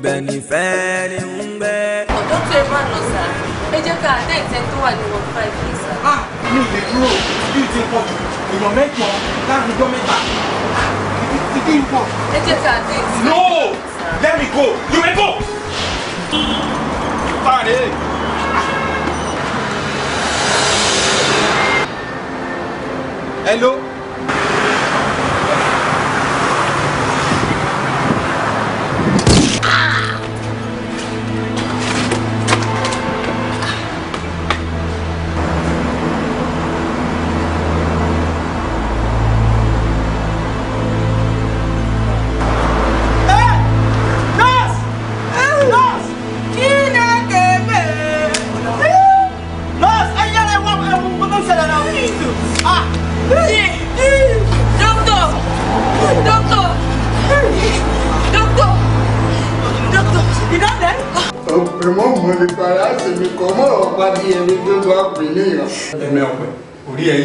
ibẹ̀ nífẹ̀ẹ́ ni ń gbé. ọ̀dọ́ tó ẹ máa lọ sá ẹ jẹ́ ká àdá ìtẹ́ tó wà ní wọn five years. a ah, mi ò lè dúró bí ti pọ̀ jù èèyàn mẹ́jọ láàrin ọjọ́ mẹ́ta ìdí ń pọ̀. ẹ jẹ́ ká àdá ìtẹ́. no let me go you may go. parí. hello.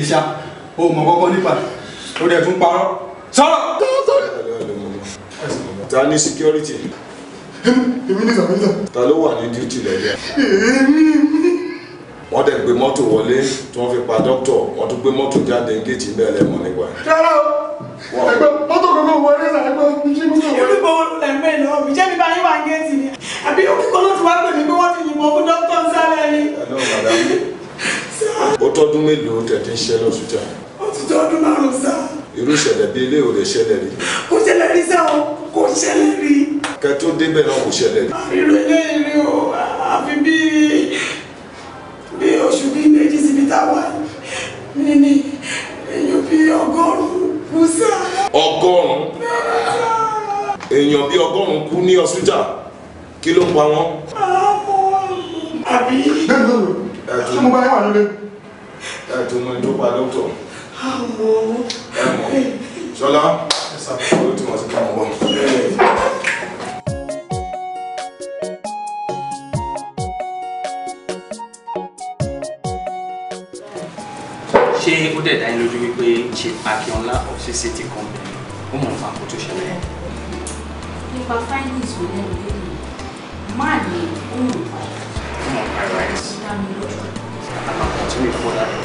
ṣá o mọ̀ kọ́kọ́ nípa o dẹ̀ tún parọ́ sọ̀rọ̀. ta ni security. èmi ní sàmúlò. ta ló wà ní duty lẹ́gbẹ̀ẹ́. èmi wọ́n dẹ̀ gbé mọ́tò wọlé tí wọ́n fi pa dókítọ̀ wọ́n tún gbé mọ́tò jáde géètì bẹ́ẹ̀ lẹ́mọ̀ nípa. rárá o ẹgbẹ́ mọ́tò gbogbo wọlé sàn ẹgbẹ́ ṣé gbogbo wọlé. olùkọ́ ẹgbẹ́ ìnáwó mi jẹ́ mi bá yín wá géètì ni àbí ó kíkọ́ ló ti wá pè mí pé wọ́n ti yìnbọn fún dókítọ̀ sálẹ̀ ni. ẹ náà màdàmú ó tọ́dún mélòó tẹ̀tí ń ṣiṣẹ́ lọ́sùtà. ó ti tó ọdún márùn-ún sá. irú ìṣẹ̀lẹ̀ bíi ilé ìwòlẹ̀ ṣẹlẹ̀ rí. kò ṣẹlẹ̀ rí sá o kò ṣẹlẹ̀ rí. kẹ tó débẹ̀ náà kò ṣẹlẹ̀ rí. irú ilé ìrì o àfi bíi bíi oṣù bíi méjì síbi táwa ní ní èèyàn bíi ọgọ́rùn-ún kú sá. ọgọ́rùn-ún èèyàn bíi ọgọ́rùn-ún kú ní ọ̀sùtà kí ló pa wọn. àbí. bẹ́ẹ̀ ló rò ẹ̀ tí mo bá yẹ wà nílé ẹ tó mọ ẹjọ́ pa dókítọ̀. ẹ mọ̀ ṣọlá ó ti mọ̀ sí kí wọ́n bọ̀. ṣé ó dẹ̀ dá yín lójú wípé ṣe Akínọlá of CCT company ó mọ̀ nípa kó tó ṣẹlẹ̀. nípa finance wo lẹ́nu lẹ́nu máa ní ohun ìpàdé. ó mọ̀ nípa rice. ó dá mi lójú. àbàkùn tí mi fọ́ lára.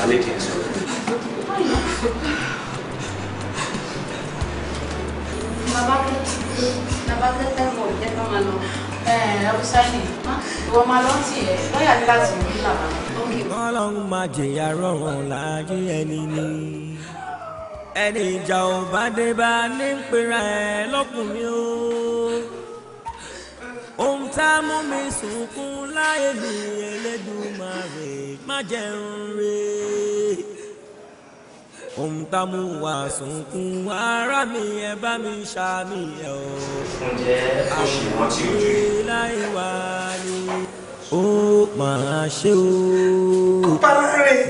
my lady is good. Ọlọ́run máa jìyà rọrùn láàyè ẹni ni. Ẹni ìjà ò bá dé bá ní pera ẹ̀ lọ́kùnrin o. Ohun tá a mú mi sunkún láyé mi Elédùmarè má jẹun rèé ohun tá mú wá sunkún ara mi ẹ bá mi ṣàmì ẹ o. ǹjẹ́ ó ṣì rántí ojú rẹ̀. láì wá ní ó máa ṣe o. kọ́párẹ́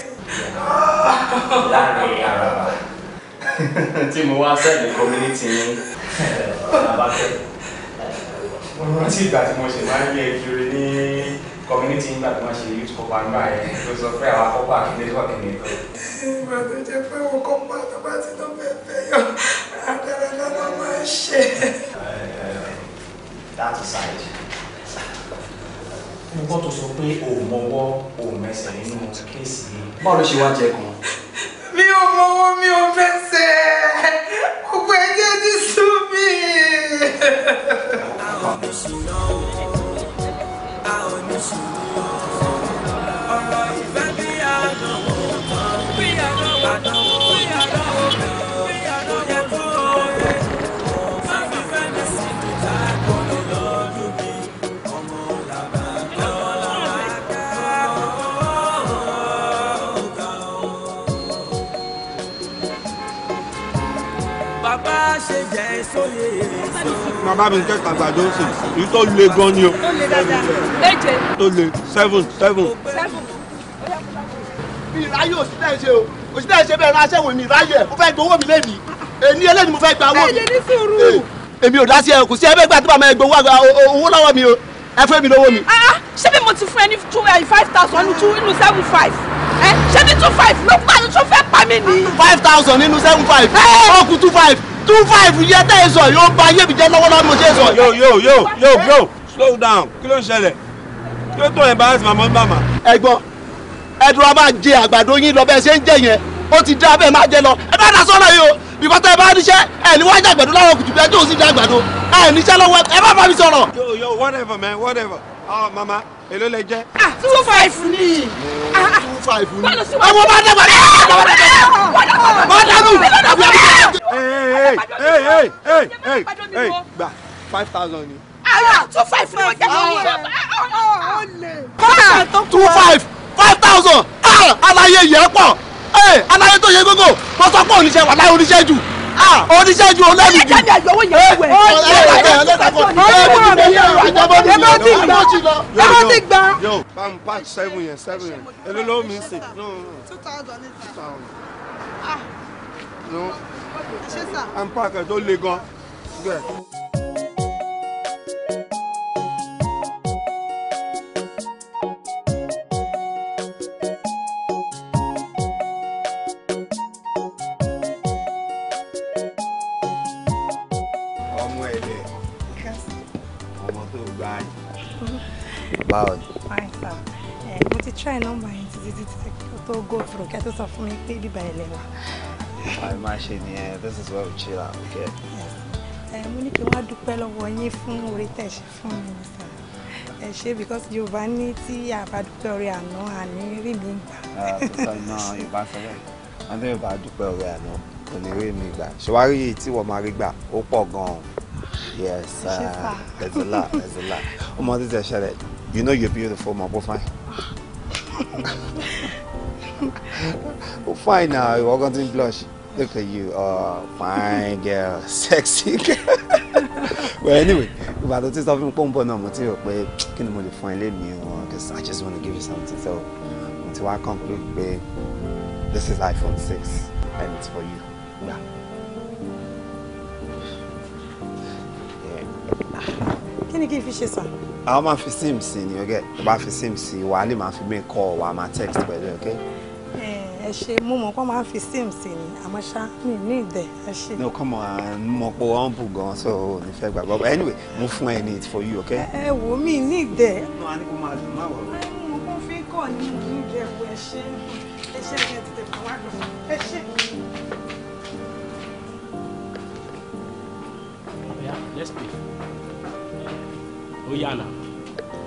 láàrin ara wa tí mo wá sẹ́ẹ̀lì community ní abáfẹ́. mo rántí ìgbà tí mo ṣe máa ń yẹ kiri ní community nígbà tó ṣe youth kọ́pà nígbà yẹn ló sọ pé àwa kọ́pà kìnìún kọ́ kìnìún tó. ìgbà tó jẹ́ pé wọn kọ́pà tó bá ti lọ bẹ́ẹ̀ bẹ́ẹ̀ yọ àdáradá ló máa ń ṣe. Eh, that aside mo gbọ́ tó sọ pé o mọwọ́ o mẹsẹ̀ nínú kéèsì yìí báwo ló ṣe wá jẹ gan. mi ò mọwọ́ mi ò mẹsẹ̀ gbogbo ẹ̀jẹ̀ ti sú mi. Association. máa bá mi test àgbà johnson èyí tó le gan ni o. tó le seven seven. mi ìráyè òṣìṣẹ́ ẹ̀ ṣe o òṣìṣẹ́ ẹ̀ ṣe bẹ́ẹ̀ ránṣẹ́ wò mí ìráyè mo fẹ́ gbowó mi lẹ́mìí èmi eléyìí mo fẹ́ gba owó mi. ẹ ní sùúrù. èmi ò dá kò sí ẹgbẹ́ gbà máa gbowó owó lọ́wọ́ mi o ẹ fẹ́ mi lọ́wọ́ mi. Ah, ah, ṣé bí mo ti fún ẹ ní two eh, five thousand two nínú seven five ẹ eh, ṣé bí two five ló pa ló tún fẹ́ pa mí nìyí. five thousand nínú seven five eh. ó two five two five yẹ tẹ́ ẹ sọ yóò ba ayé mi jẹ́ lọ́wọ́lọ́wọ́ mo ṣe sọ. Yo yo yo yo, bro, slow down kí ló ń ṣẹlẹ̀ kí ló tó embarrass màmá ń bà má. ẹ̀gbọ́n ẹdùn a máa jẹ àgbàdo yín lọ bẹ́ẹ̀ ṣe ń jẹ yẹn ó ti dá bẹ́ẹ̀ máa jẹ lọ ẹ bá dà sọ́nà yìí o bìkọ́ tẹ́ ẹ bá níṣẹ́ ẹ ní wájú àgbàdo láwọn kùtù bí ẹ tí ò sì dá àgbàdo ẹ níṣẹ́ lọ́wọ́ ẹ bá bá mi sọ̀rọ̀. yo yo whatever man whatever ah mama èló lẹ jẹ. Ah, two five ni. Ah, ah. two five ni. àwọn bá dàgbà dé. bá dàgbà dé. gba five thousand ni. ara two five ni wọ́n jẹ́ kí n two five five thousand. alaye yẹ pọ̀ alaye tó yẹ gógó mọ́sọ́pọ̀ oníṣẹ́ wà láyé oníṣẹ́ jù. Ah! oníṣẹ́jú olómi jù ẹ̀rọ ti gbà. yóò bam patch seven yẹn seven yẹn èlò ló mi sè. two thousand eight thousand. Ah. no. ṣé sà. bam patch ẹ̀ tó le gan. try nọ́mbà yẹn títí títí kí tó go through kí a tó sọ fún mi pé bíbá ilẹ̀ wa. àì máa ṣe nìyẹn this is where we chill out okay. mo ní kí wọ́n á dúpẹ́ lọ́wọ́ yín fún orí tẹ̀ ṣe fún mi ẹ ṣe because yorùbá ní tí àbádúpẹ́ orí àná àní rí mi gbà. ọ̀nà yorùbá sọ bẹ́ẹ̀ ọ̀nà yorùbá dúpẹ́ orí àná kò ní rí mi gbà ṣèwárí yìí tí wọ́n máa rí gbà ó pọ̀ gan-an yes uh, there's a lot there's a lot ọmọ títí ẹ ṣẹlẹ̀ you know you're beautiful mo kó fine oh, fine now, you're going to blush. Look at you, oh, fine girl, sexy girl. well, anyway, if I don't think something pump on my material, but kí ni mo lè fún ẹ lẹ́mìí o, because I just want to give you something. So, until I conclude, babe, this is iPhone 6 and it's for you. Yeah. Can you give me fi ṣe àwọn máa fi sim sí ni ọgẹ tó bá fi sim sí wàá lè máa fi mí kọ wàá máa text pẹ̀lú ọgẹ. ẹ eh, ṣe mo mọ̀ kó máa fi sim sí ni àmọ́ ṣá mi ní ìdẹ ẹ ṣe. no come on mo pọ humble gan so o ní fẹ́ gbàgbọ́ but anyway mo fún ẹ ní it for you okay. Eh, ẹ wò mí ní ìdẹ. nínú wa ni kò máa dùn máa wọ̀. Eh, mo kún fi kọ́ ni mo ní ìdẹ wo ẹ ṣe ẹ ṣe ẹ tètè bọ̀ wá lọ ẹ ṣe. Oh, let's speak ó yànà.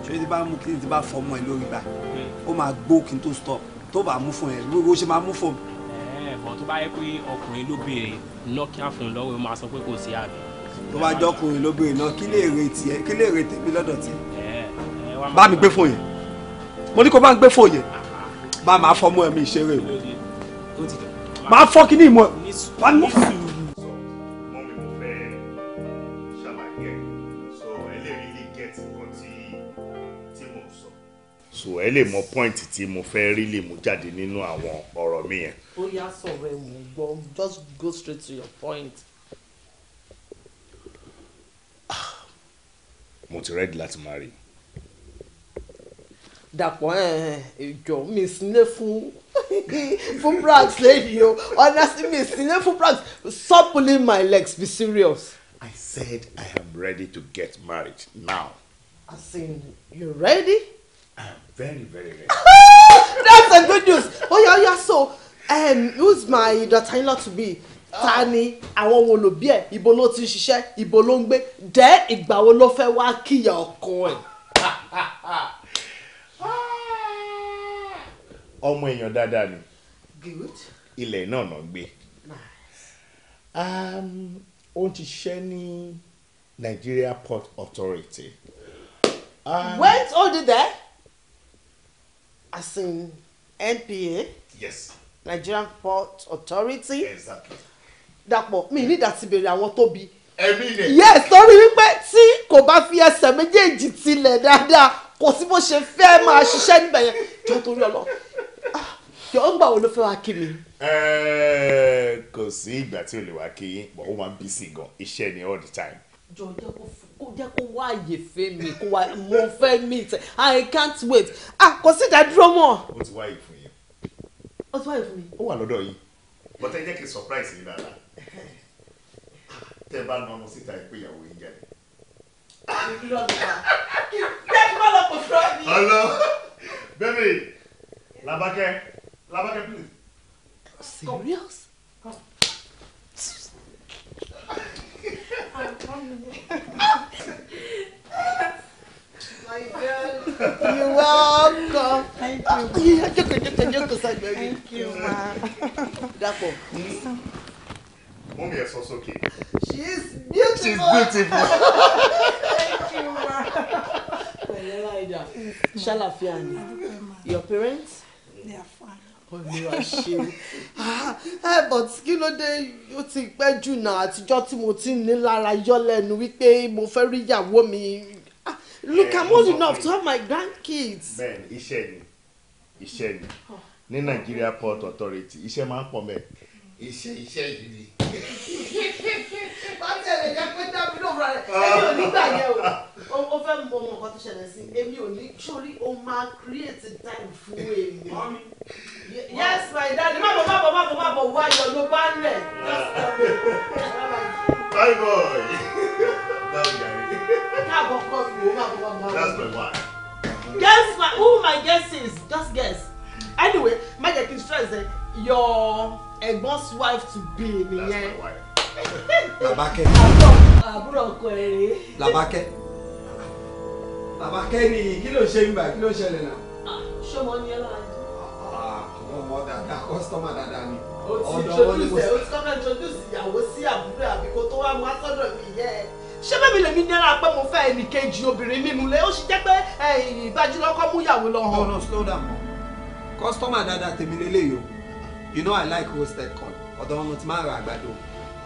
ṣé ti bá mú kí ti bá fọmọ ẹ lórí bá hmm. ó máa gbó kí n tó stop tó bá mú fún ẹ bó ṣe máa mú fún mi. ẹ ẹ bọ̀ tó bá yẹ pé ọkùnrin ló béèrè fún un lọ́wọ́ máa sọ pé kò sí àbí. tó bá jọ ọkùnrin ló náà kí lè retí ẹ kí lè retí mi lọ́dọ̀ tiẹ̀. bá mi gbé fún yẹn mo ní kó bá ń gbé fún yẹn ah, ah. bá máa fọmọ ẹ mi ìṣeré o máa fọ́ kí ní ìmọ̀ ẹ. so ẹ lè mọ point tí mo fẹ́ rí lè mú jáde nínú àwọn ọ̀rọ̀ mi yẹn. ó yá sọ̀rọ̀ ẹ̀ gbọ́ just go straight to your point. Ah, mo ti ready láti marry. dàpọ̀ ìjọ mi sílé fún fún brax lẹ́yìn o honestly mi sílé fún brax stop pulling my legs be serious. I said I am ready to get married now. As in, you ready? Very, very rare. That's the good news. Oh yeah, yeah. So, um, who's my daughter-in-law to be? Tani, àwọn wo ló bí ẹ, ibo ló ti ń ṣiṣẹ́, ibo ló ń gbé, dẹ́ ìgbà wo ló fẹ́ wá kíyà ọkọ ẹ̀. Ọmọ èèyàn dáadáa ni. Good. Ilẹ̀ náà náà gbé. Um, ó ti ṣiṣẹ́ ní Nigeria Port Authority. Um, Went all the there? as in NPA. yes. Nigerian Port Authority. exactly. Dàpọ̀ mi ní ìdásí béèrè àwọn tóbi. ẹ̀mí rẹ̀. yes torí wípé tí kò bá fi ẹsẹ̀ méjèèjì tilẹ̀ dáadáa kò sí bó ṣe fẹ́ máa ṣiṣẹ́ níbẹ̀ yẹn jọ torí ọlọ yọ ah, ń gbà wo ló fẹ́ wá kí mi. Eh, kò sí ìgbà tí o lè wá kí bọ̀ ó máa bí sí gan iṣẹ́ ni all the time. jọ̀ọ́ jẹ́ kó kó jẹ́ kó wá àyè fẹ́ mi kó wá mo fẹ́ meet i can't wait ah kò sí ìdádúró mọ́. ó ti wáyé fún yín. ó ti wáyé fún mi. ó wà lọ́dọ̀ yìí. bọ́tẹ́ jẹ́ kí surprise yín dáadáa ah, tẹ́ ẹ bá nà ọmọ síta ẹ pé ìyàwó yín jáde. bẹ́ẹ̀ni má lọ kò fún mi. hello baby labakẹ labakẹ please. serious. You're welcome. Thank you. Jókòó, jókòó, jókòó sẹ́gbẹ̀ẹ́ mi. Thank you, ma. Dàpọ̀. Mommy is also okay. She is beautiful. She's beautiful. Thank you, ma. Pẹ̀lẹ́ láìda. Ṣàlàfíà ni. Your parents? They are fine olúwa ṣeun ah, eh, kí ló dé ó ti pẹ́ jù náà àtijọ́ tí mo ti ní lára yọ wípé mo fẹ́ rí ìyàwó mi ah, look eh, i'm old enough to have my grandkids. bẹ́ẹ̀ni iṣẹ́ ni iṣẹ́ ni oh. ní Nigeria Port Authority iṣẹ́ máa ń pọ̀ mẹ́ẹ̀ iṣẹ́ iṣẹ́ ìrírí. wọ́n tẹ̀lé jẹ́ pé dábì ló rà rẹ̀ ah. èmi ò ní gbà yẹ o ó fẹ́ mọ ọmọ nǹkan tó ṣẹlẹ̀ sí èmi ò ní sórí o máa create time fún èmi. yes my daddy má bọ̀ má bọ̀ má bọ̀ má bọ̀ wá yọ ló bá ń rẹ̀. bye boy. káàbọ̀ kọ́ mi ò má bọ̀ má bọ̀. that's my wife. guess my who my guess is just guess anyway my jẹ́ kí n stress ẹ your ẹ̀gbọ́n's wife to be nìyẹn. Làbákẹ́. àbúrò ọkọ ẹ̀ rèé. Làbákẹ́. Làbákẹ́ ni kí ló ṣe ń gbà kí ló ṣẹlẹ̀ náà. Ah, ṣọmọ ni ẹ lára ah, jù. àwọn ọmọ dáadáa kọ́sítọ́mà dáadáa ni. o ti introduce ẹ o ti kọ́kọ́ introduce ìyàwó sí àbúrò àbíkó tó wá mú asọ́dọ̀ mi yẹn ṣé bẹ́ẹ̀ mi lèmi nira pé mo fẹ́ ẹnìkejì obìnrin nínú ilé ó sì jẹ́ pé ìbájú lọ́kọ́ mú ìyàwó lọ hàn. no no slow down kọ́sítọ́mà dáadáa tèmi lélẹ́yìí o you know i like roasted corn ọ̀dọ̀ ọmọ tí máa ra àgbàdo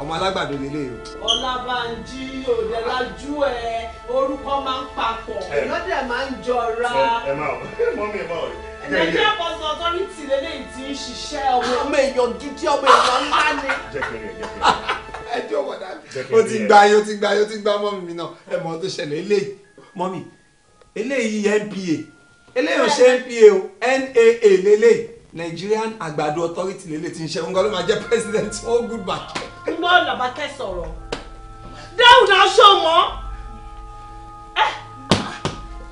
ọmọ alágbàdo nílé yìí. ọlábànjí òde lájú ẹ orúkọ máa ń papọ̀ lọ́dẹ̀ máa ń jọra. ẹ máa ọ mọ mi ẹ máa ọ rẹ. nàìjíríà bọ́sù ọ̀tọ́rìtì lélẹ́yìn tí ń ṣiṣẹ́ ọmọ. Ah, ọmọ èèyàn dúdú ọmọ èèyàn ńlá ni. ẹ jẹ́ ọmọ dáa. ó ti gba ayé ó ti gba ayé ó ti gba mọ́mì mi náà ẹ mọ̀ ọ́ tó ṣẹlẹ̀ eléyìí mọ́mì eléyìí npa eléyìí ò ṣe npa o naa lélẹ́yìí Nigerian Àgbàdo Authority lélẹ̀ tí ń ṣe nǹkan ló máa jẹ́ president all oh, good back. ngbọ́ làbákẹ́ sọ̀rọ̀ dáhùn náà ṣó mọ́ ẹ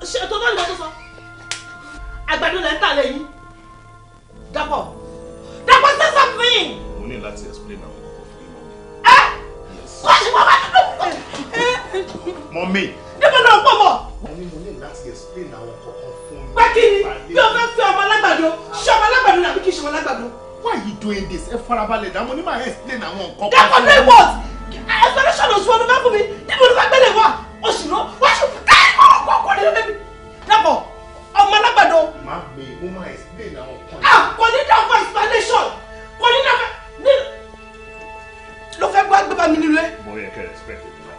ṣe tó bá nìkan tó sọ àgbàdo lẹ́ ń tà lẹ́yìn Dàpọ̀ Dàpọ̀ say something. mo ní láti explain àwọn ọkọ fún mi mọ́mí. ẹ kó ṣe wọ́n wá nínú. mọ́mí. níbo ló ń pọ̀ mọ́. mo ní mo ní láti explain àwọn ọkọ pé kí ni bí o fẹ́ fẹ́ ọmọ alágbàdo ṣé ọmọ alágbàdo ni àbí kì í ṣe ọmọ alágbàdo. why you doing this ẹ farabalẹ̀ dàmú ní máa explain àwọn nǹkan. dákọ̀ ní wọ́ọ̀t explanation oṣù ọdún bá fún mi níbo ló fẹ́ gbẹ́lẹ̀ wá oṣù lọ wá ṣù káyọ̀ kọ̀ọ̀kọ̀ kọ̀ nínú bẹ́ẹ̀ mi. dákọ̀ ọmọ alágbàdo. má mi mo máa explain àwọn kan. ah kò ní dáhùn fún explanation kò ní dáhùn fún ló fẹ́ gbọ́ agbẹ́bá mi nílé. mo yẹ kẹ́ respect mi náà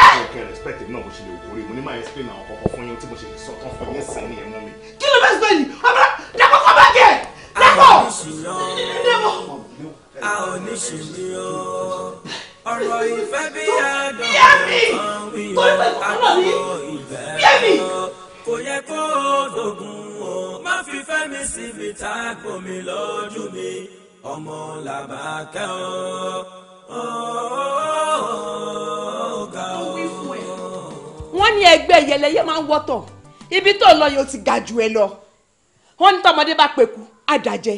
eh! mo yẹ kẹ́ respect mi náà mo ṣe lè wò ó rí mo ní máa explain àwọn kọ̀ọ̀kan fún yín tí mo ṣe sọ tán fún yín sẹ́yìn ẹ̀ mú mi kí ló bẹ́ẹ̀ sọ́yìn ọ̀bẹ̀rẹ̀ dàpọ̀ kọ́ bá jẹ́ dàpọ̀ dàpọ̀. a ò ní ṣe mí o ọ̀rọ̀ ìfẹ́ bí àdán kan wíwọ́ àkókò ìfẹ́ kò yẹ kó o dogun o má fi fẹ́ mi síbi tá a kò mí lójú mi ọmọ làbákẹ́ o o. wọ́n ní ẹgbẹ́ yẹlẹyẹ máa ń wọ́tọ̀ ibi tó lọ yìí ó ti ga jù ẹ lọ wọ́n ní tọmọdé bá pẹ̀kú àdàjẹ́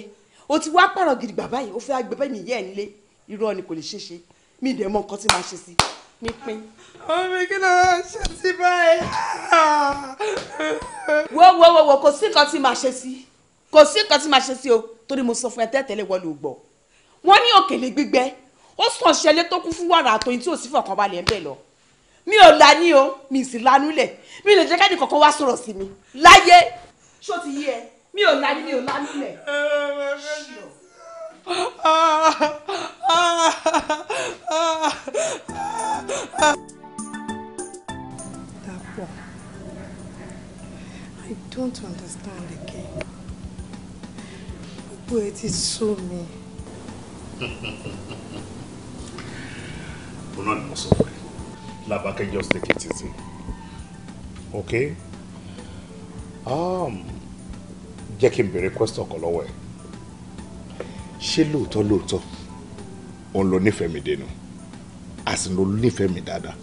o ti wá pààrọ̀ gidi bàbá yìí o fẹ́ agbẹ́bẹ́ mi yẹ́ ẹ̀ nílé irọ́ ni kò lè ṣeé ṣe mi ì mọ nǹkan tí màá ṣe sí mi pín. omi kí ló ń ṣe sí báyìí. wo wo wo wo kò sí nǹkan tí màá ṣe sí kò sí nǹkan tí màá ṣe sí o torí mo sọ fún ẹ tẹ́tẹ́lẹ̀ wọ́n ló gbọ́ wọ́n ní òkèlè gbígbẹ ó sàn ṣẹlẹ̀ tó kún fún wàrà àtọyìn tí ò sí fọkànbalẹ̀ ń bẹ̀ lọ mi ò la ní o mi sì lanú lẹ̀ mi lè jẹ́ kẹ́ni kankan wá sọ̀rọ̀ sí mi láyé ṣó ti yé ẹ mi ò la ní mi ò lanú lẹ̀. Dàpọ̀ I don't understand again gbogbo ẹ ti sú mi. Mo náà ni mo sọ fún ẹ. Labake, just take it easy. Okay? Um, jẹ́ kí n béèrè question kan lọ́wọ́ ẹ̀. Ṣé lóòótọ́ lóòótọ́ òun ló nífẹ̀ẹ́ mi dénú? Àsì ló nífẹ̀ẹ́ mi dáadáa.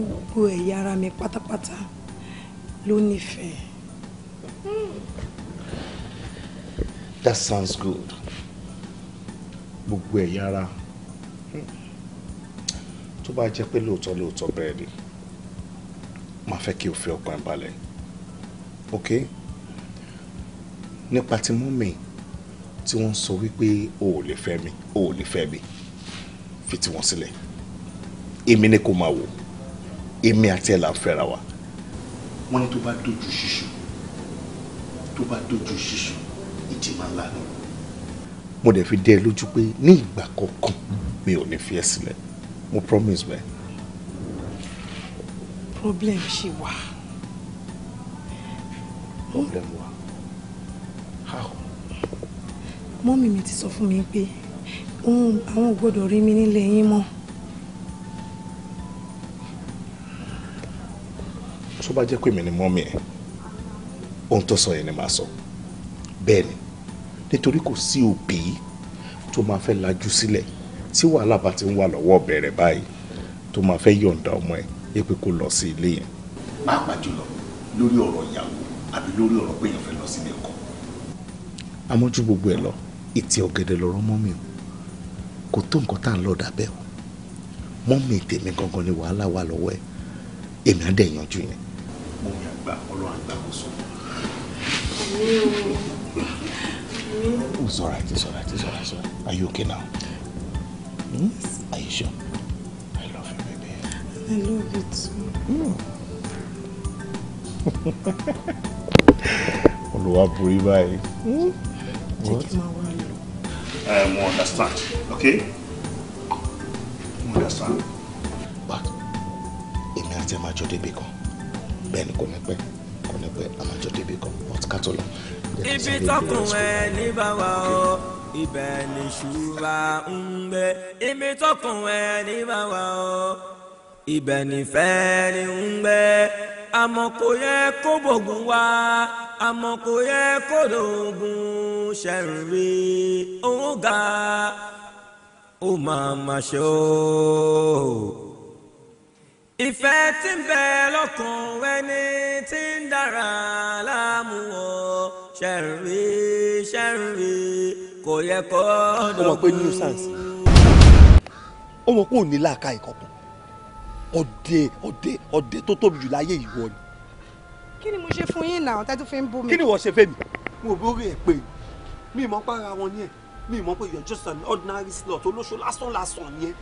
Gbogbo ẹ̀yà ara mi pátápátá ló nífẹ̀ẹ́. That sounds good. Gbogbo ẹ̀yà ara tó bá jẹ́ pé lóòótọ́ lóòótọ́ búrẹ́dì máa fẹ́ kí o fi ọkàn balẹ̀ ok nípa ti mú mi tí wọ́n sọ wípé o ò lè fẹ́ mi o ò lè fẹ́ mi fi ti wọ́n sílẹ̀ èmi ni kò máa wò èmi àti ẹ̀ là ń fẹ́ra wa. wọ́n ní tó bá dojú ṣíṣù tó bá dojú ṣíṣù ìjì máa ń lanu. mo dẹ̀ fi dẹ́ ẹ lójú pé ní ìgbà kọ̀ọ̀kan mi ò ní fi ẹ́ sílẹ̀. Si mo promise bẹ́ẹ̀. problem ṣì wà. problem wà. how. mọ́mì mi ti sọ fún mi pé àwọn ò gbọ́dọ̀ rí mi nílé yín mọ́. tó bá jẹ́ pé mi ni mọ́mì ẹ̀ ohun tó sọ yẹn ni màá sọ bẹ́ẹ̀ ni nítorí kò sí òbí tó máa fẹ́ lajú sílẹ̀ tí wàhálà bá ti ń wà lọ́wọ́ bẹ̀rẹ̀ báyìí tó máa fẹ́ yọ̀ǹda ọmọ ẹ̀ yípe kó lọ sí ilé yẹn. pàápàá jùlọ lórí ọ̀rọ̀ ìyàwó àbí lórí ọ̀rọ̀ pé èèyàn fẹ́ lọ sílé ọkọ. amójú gbogbo ẹ lọ ìtì ọ̀gẹ̀dẹ̀ lọ̀rọ̀ mọ́ mi o kò tó nǹkan tá à ń lọ dàbẹ́ o mọ́ mi tèmi gangan ni wàhálà wà lọ́wọ́ ẹ èmi á dẹ̀ yanjú yẹn. mo ní àgbà ọlọ́run àgbà kò sọ. ó sọ̀rọ̀ àti sọ̀rọ̀ àti sọ̀rọ̀ àti sọ̀rọ̀ are you okay now? Yes. Are you sure? I love you, baby. I love you too. Mm. Olúwa borí báyìí. Hmm? Jẹ́ What? n máa wá lò. Mo um, understand, okay? understand. But èmi àti ẹ̀ máa jọ débi kan. Bẹ́ẹ̀ ni kò ní pẹ́ kò ní a máa jọ débi kan. Wọ́n ti ká tó lọ. Ibi ibẹ̀ nìṣúra ń gbé ibi tọkàn ẹni bá wà ó ibẹ̀ nìfẹ́ ni ń gbé àmọ́ kò yẹ kó bògùn wá àmọ́ kò yẹ kó lóògùn ṣẹ̀rí òun ga ó máa ma ṣe ó ìfẹ́ tí ń bẹ lọ́kàn ẹni tí ń dára láàmú ọ ṣẹ̀rí kò yẹ kọ́ ọ́dọ̀. ó mọ̀ pé nuisance ó mọ̀ pé ò ní làákà ìkọ̀kọ̀ ọ̀dẹ ọ̀dẹ ọ̀dẹ tó tóbi jù láyé ìwọ ni. kí ni mo ṣe fún yín náà tẹ́tù fi ń bú mi. kí ni wọ́n ṣe fẹ́ mi. mo bórí ẹ̀ pé mi mọ̀ para wọn ni ẹ̀ mi mọ̀ pé you're just an ordinary slut olóṣó lásán lásán ni ẹ̀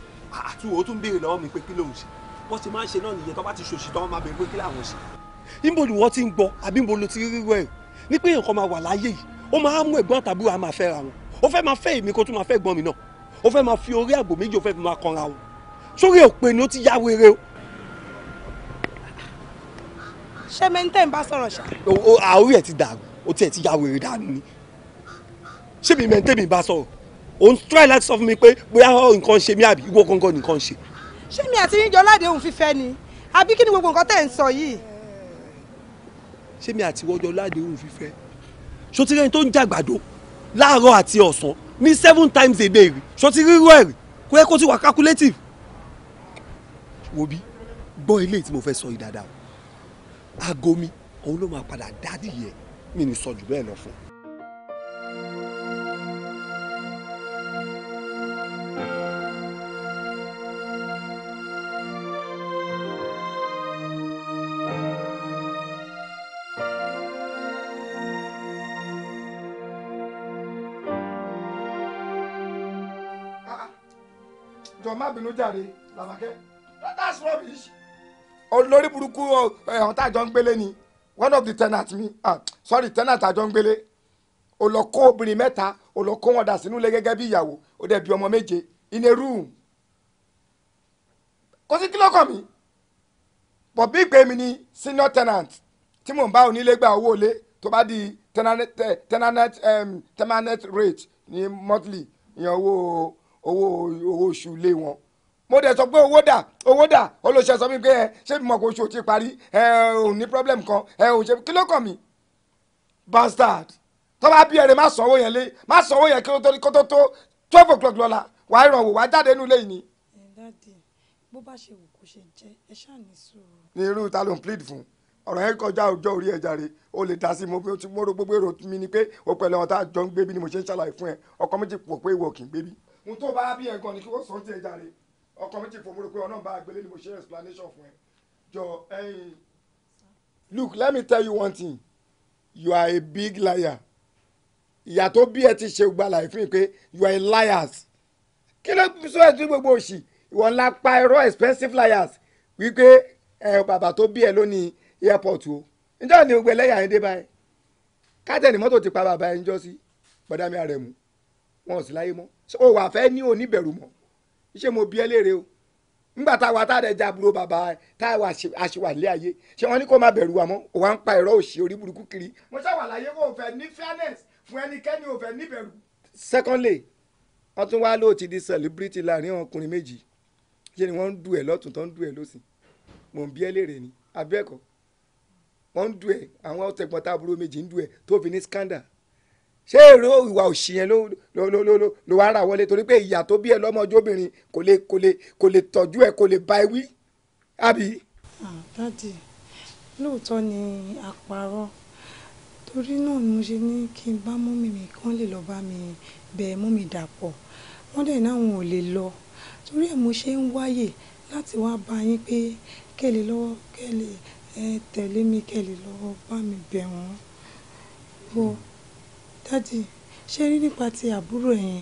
àti òun tún béèrè lọ́wọ́ mi pé kí ló ń ṣe bó ti máa ń ṣe náà nìyẹn tó bá ti ṣòṣì tán máa bẹ̀rẹ̀ pé kí làwọn ṣe. níbo ni wọ́n ti ń gbọ́ àbí níbo ló ti rí rẹ̀ ní pé èèyàn kan máa wà láyé yìí ó máa mú ẹ̀gbọ́n àtàbúrò á máa fẹ́ra wọn ó fẹ́ máa fẹ́ èmi kó tún máa fẹ́ gbọ́n mi náà ó fẹ́ máa fi orí àgbò méjì ó fẹ́ fi máa kanra o sórí òpè ni ó ti yá wéré o. ṣé mẹ́ńtẹ́ ń bá sọ̀rọ̀ ṣá. o àórí ẹ̀ ti dàrú o tiẹ̀ ti yá wéré dànù ni ṣé mi mẹ́ńtẹ́ mi bá sọ̀rọ̀ o ń try láti sọ fún mi pé bóyá nǹkan ṣe mí àbí ìwọ gangan nìkan ṣe. ṣé mi àti yín jọ láde òun fífẹ́ ni àbí kí ni gbogbo nǹkan tẹ̀ ń sọ yìí. ṣé mi àti wọ́jọ́ láde òun fífẹ́ ṣó ti rẹ́ni tó ń jàgbàdo láàárọ̀ àti ọ̀sán ní seven times a day rí ṣọtí rírọ ẹ̀ rí kó yẹ kó ti wà calculative. wo bí gbọ́ ilé tí mo fẹ́ sọ yìí dáadáa o aago mi òun ló máa padà dádìyẹ mi ní sọ jù bẹ́ẹ̀ lọ fún un. bínú jàre that's rubbish. olórí burúkú eh, ọ̀hún tá a jọ ń gbélé ni one of the tenants mi ah sorry tenant àjọ ń gbélé o lọ kó obìnrin mẹ́ta o lọ kó wọn dà sínú ilé gẹ́gẹ́ bí ìyàwó o dẹ̀ bí ọmọ méje in a room kò sí kílọ̀kọ̀ mi bọ̀ bí ìpè mi ni senior tenant tí mò ń bá onílé gba owó ilé tó bá di tenant eh, tenant tenant rate ní monthly ìyẹn owó owó owó oṣù ilé wọn mo dẹ̀ sọ pé owó dà owó dà olóṣèlú sọ mi pé ẹ ṣé mi mọ̀ kó oṣù ti parí ẹ ò ní problem kan ẹ ò ṣe kí ló kàn mí bastard tó bá bí ẹrẹ má sọ owó yẹn lé má sọ owó yẹn kí ló tó tó twelve o'clock lọ́la wàá ràn wò wàá jáde nínú ilé yìí ni. Eh, bó bá ṣe wù kó ṣe jẹ ẹ ṣáà ní sùúrù. ní irú ta ló ń plead fún ọ̀rọ̀ yẹn kọjá ọjọ́ orí ẹ̀ jàre o lè dá sí mo bí mo ro gbogbo èrò mi ni pé o pẹ̀lú ọ̀tá jọ ń gbé bí ni mo ṣe ń ṣàlàyé fún ẹ ọkọ méjì pọ̀ pé ìwọ kì í gbé bí. mo tó bá bí ẹ̀ ni kí wọ́n sọ ọ́ ti ẹ̀ jàre ọkọ mi ti fòmúrò pé ọ̀nà bá gbélé ni mo ṣe explanation fún ẹ jọ ẹyin. look let me tell you one thing you are a big liar ìyá tó bí ẹ ti ṣe gbala ìfín pé you are a liars kí ló sọ ẹ tí gbogbo òṣì ìwọ ńlá pa ẹ̀rọ expensive liars wípé ẹ bàbá tó bí ẹ ló ní airport o níjọ́ ni gbogbo ẹlẹ́yà yẹn dé báyìí kátẹ́ẹ̀nì mọ́tò ti pa bàbá yẹn jọ sí bọ́dá mi àrẹ̀mú wọn ò sí láyé mọ́ ó wà fẹ́ ní oníbẹ̀rù mọ́ ṣé mo bí ẹ léèrè o ńgbà tá a wà tá a dẹ̀ já àbúrò bàbá tá a wà àṣewà lé ayé ṣé wọ́n ní kó máa bẹ̀rù wa mọ́ òwa ń pa ìrọ́ òṣì orí burúkú kiri. mo ṣàwà láyé kó o fẹ́ ní fairness fún ẹnikẹ́ni o fẹ́ ní bẹ̀rù. secondly wọ́n tún wá lóòtì di celebrity láàrin ọkùnrin méjì ṣé ni wọ́n ń du ẹ̀ lọ́tún tó ń du ẹ̀ lọ́sì mò ń bí ẹ léèrè ni abẹ́ẹ̀kọ́ wọ́n ń du ẹ̀ àwọn tẹ̀gbọ́n méjì ń du ẹ̀ tó fi ní scandal ṣé èrò ìwà òṣì yẹn ló wá rà wọlé torí pé ìyá tó bí ẹ lọ́mọdébìnrin kò lè kò lè kò lè tọ́jú ẹ kò lè bá ẹ wí àbí. dádì lóòótọ́ ni àpárọ̀ torí náà ni mo ṣe ní kí n bá mọ́mì mi kán lè lọ́ọ́ bá mi bẹ mọ́mì dàpọ̀ wọ́n dẹ̀ náà wọn ò lè lọ torí ẹ̀ mo ṣe ń wáyè láti wá bá yín pé kẹ́lẹ̀ lọ́wọ́ kẹ́lẹ̀ ẹ tẹ̀lé mi kẹ́lẹ̀ lọ́wọ́ bá mi bẹ̀ wọ́n dáàdì ṣe rí nípa ti àbúrò ẹ̀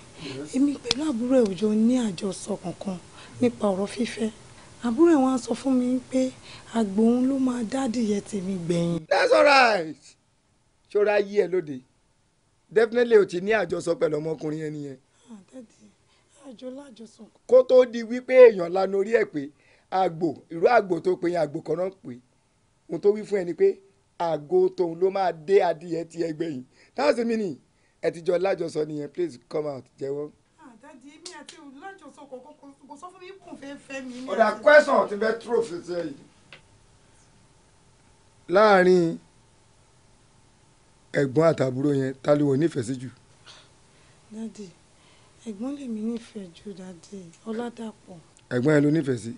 èmi pẹ̀lú àbúrò ẹ̀ òjò ní àjọsọ kankan nípa ọ̀rọ̀ fífẹ́ àbúrò ẹ̀ wọn sọ fún mi pé àgbò ló máa dáàdì yẹn tèmi gbẹ̀yìn. that's alright ṣọ́ra yí ẹ lóde definitely o ti ní àjọsọ pẹ̀lú ọmọkùnrin ẹni yẹn. Ah, àjọ lájọsọ. kó tó di wípé èèyàn lanu orí ẹ̀ pé àgbò irú àgbò tó pe yẹn àgbò kan náà pé ohun tó wí fún ẹ ni pé àgò tóun ló máa dé adìyẹ ti ẹgbẹ́ yìí that's the meaning ẹ ti jọ lájọsọ nìyẹn please come out jẹ́wọ́. àdájí ah, mi àti lájọsọ kọ̀ọ̀kan kò sọ fún mi kò fẹ́ fẹ́ mi. ọ̀dà question ti fẹ́ tró fèsì ẹ̀ yìí. láàárín ẹ̀gbọ́n àtàbúrò yẹn ta ló wọ nífẹ̀ẹ́ sí jù. dádì ẹ̀gbọ́n lèmi nífẹ̀ẹ́ jù dádì ọládàpọ̀. ẹ̀gbọ́n yẹn ló nífẹ̀ẹ́ sí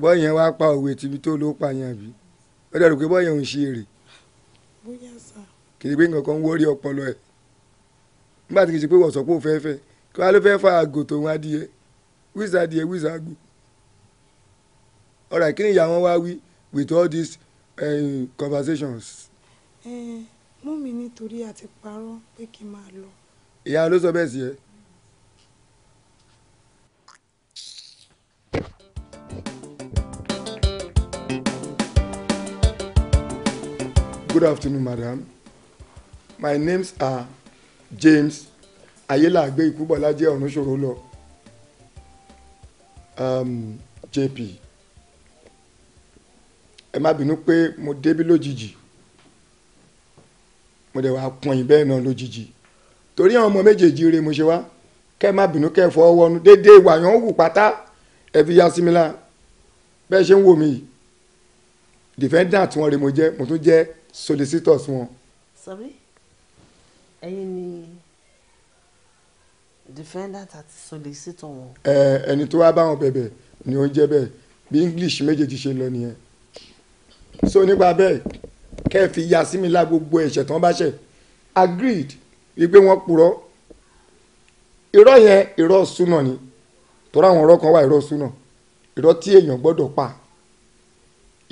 bọ́ọ̀yẹn wá pa òwe tìbí tó ló pa yẹn àbí ó dẹ̀ rò pé bọ́ọ̀yẹn ò ń ṣe èrè. bóyá kì í pé nǹkan kan ń ọpọlọ ẹ̀ nígbà tí kì ṣe pé wọ́n sọ pé ó fẹ́ fẹ́ kí wọ́n á ló fẹ́ fa àgò tòun adìyẹ wíṣà adìyẹ wíṣà àgbò ọ̀rọ̀ kí ni ìyá wọn wá wí with all these uh, conversations. ẹ ẹ mú mi nítorí àti parọ́ pé kí n máa lọ. ìyá ló sọ bẹ́ẹ̀ sí ẹ. Good afternoon, madam my names are James ayélàgbé ìkúbọ̀lájẹ ọ̀rúnṣòro lọ um, JP ẹ má bínú pé mo débí lójijì mo dẹ̀ wá pọ̀yìn bẹ́ẹ̀ náà lójijì torí àwọn ọmọ méjèèjì rẹ̀ mo ṣe wá kẹ́ má bínú kẹ́ fọ́ wọnú déédéé ìwà yẹn ń wù pátá ẹ fi ya sí mi la bẹ́ẹ̀ ṣe ń wò mí defendant wọn rè mo jẹ́ mo tún jẹ́ solicitors wọn. sọ́bí ẹ̀yin ni defendant àti solicitor wọn. ẹ ẹni tó wá bá wọn ni ó jẹ́ bẹ́ẹ̀ bí english méjèèjì ṣe lọ nìyẹn so nípa bẹ́ẹ̀ kẹ́ fi ya sí gbogbo ẹ̀ṣẹ̀ tí wọ́n bá ṣẹ̀ agreed wípé wọ́n purọ́ irọ́ yẹn irọ́ súnà ni torí àwọn ọ̀rọ̀ kan wà irọ́ súnà irọ́ tí èèyàn gbọ́dọ̀ pa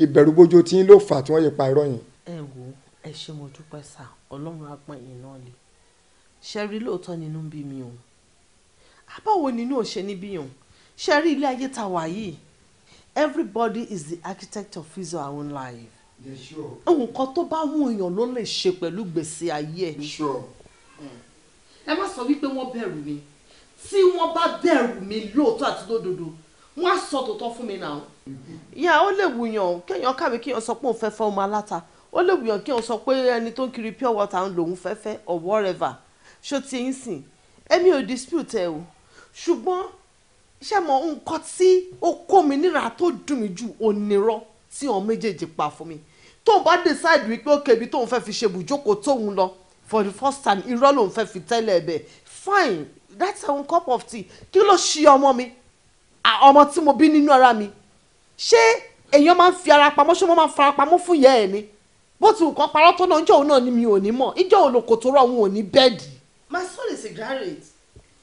ìbẹ̀rù bójú tí ń lò fà tí wọ́n yẹ pa irọ́ yẹn. ẹ wo ẹ ṣé mo dúpẹ́ sà ọlọ́run á pọ́n náà lé ṣe rí lóòótọ́ nínú bí mi o àbáwo nínú ò níbí o ṣe rí ilé ayé ta wà yìí everybody is the architect of his or her own life nǹkan tó bá wù èèyàn ló lè ṣe pẹ̀lú gbèsè ayé ẹ má sọ wípé wọ́n bẹ̀rù mi tí wọ́n bá bẹ̀rù mi lóòótọ́ àti lódodo wọ́n á sọ tòótọ́ fún mi náà. Mm-hmm. ìyá ó lè wùyàn kéèyàn kàwé kéèyàn sọ pé òun fẹ́ fẹ́ ọmọ aláta ó lè wùyàn kí n sọ pé ẹni tó ń kiri pure water ń lòun fẹ́fẹ́ or whatever ṣó ti ń sìn èmi ò dispute ẹ o ṣùgbọ́n ṣé mo nǹkan tí ó kó mi níra tó dùn mí jù onírọ́ tí wọn méjèèjì pa fún mi tóun bá decide wípé ó kébi tóun fẹ́ fi ṣe bùjókòó tóun lọ for the first time irọ́ lòun fẹ́ fi tẹ́lẹ̀ ẹ̀bẹ̀ fine that's a cup of tea kí ló ṣe ọmọ mi ọmọ tí mo bí nínú ara mi ṣé èèyàn máa ń fi ara pamọ́ ṣé wọ́n máa ń fara pamọ́ fún ìyá ẹ̀ ni bó ti nǹkan parọ́ tó náà ìjọ́ òun náà ni mi ò ní mọ̀ ìjọ́ òun lòkò tó rọ̀ òun ò ní bẹ́ẹ̀dì. my son is a graduate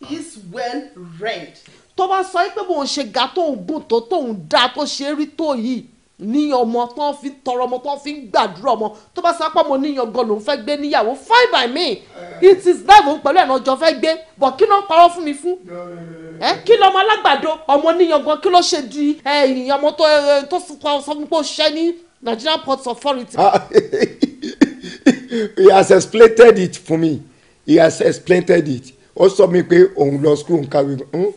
he is well read. tó bá sọ pé bóun ṣe ga tóun bùn tó tóun dáa tó ṣe rí tó yìí ní ọmọ tó fi ń tọrọ ọmọ tó fi ń gbàdúrà ọmọ tó bá sọ pé ọmọ níyan gan lòun fẹ́ gbé níyàwó fine by me eh. it is life òun pẹ̀lú ẹ̀nà ọjọ́ fẹ́ gbé bọ̀ kí ló ń parọ́ fún mi fún ẹ eh, kí lọ́mọ alágbàdo ọmọ níyan gan kí ló ṣe di ẹ̀yìn eh, ọmọ tó sọ fún pé ó ṣẹ́ ní Nigerian Ports Authority. Ah, he has explained it for me he has explained it ó sọ mi pé òun lọ school ń kàwé. Hmm?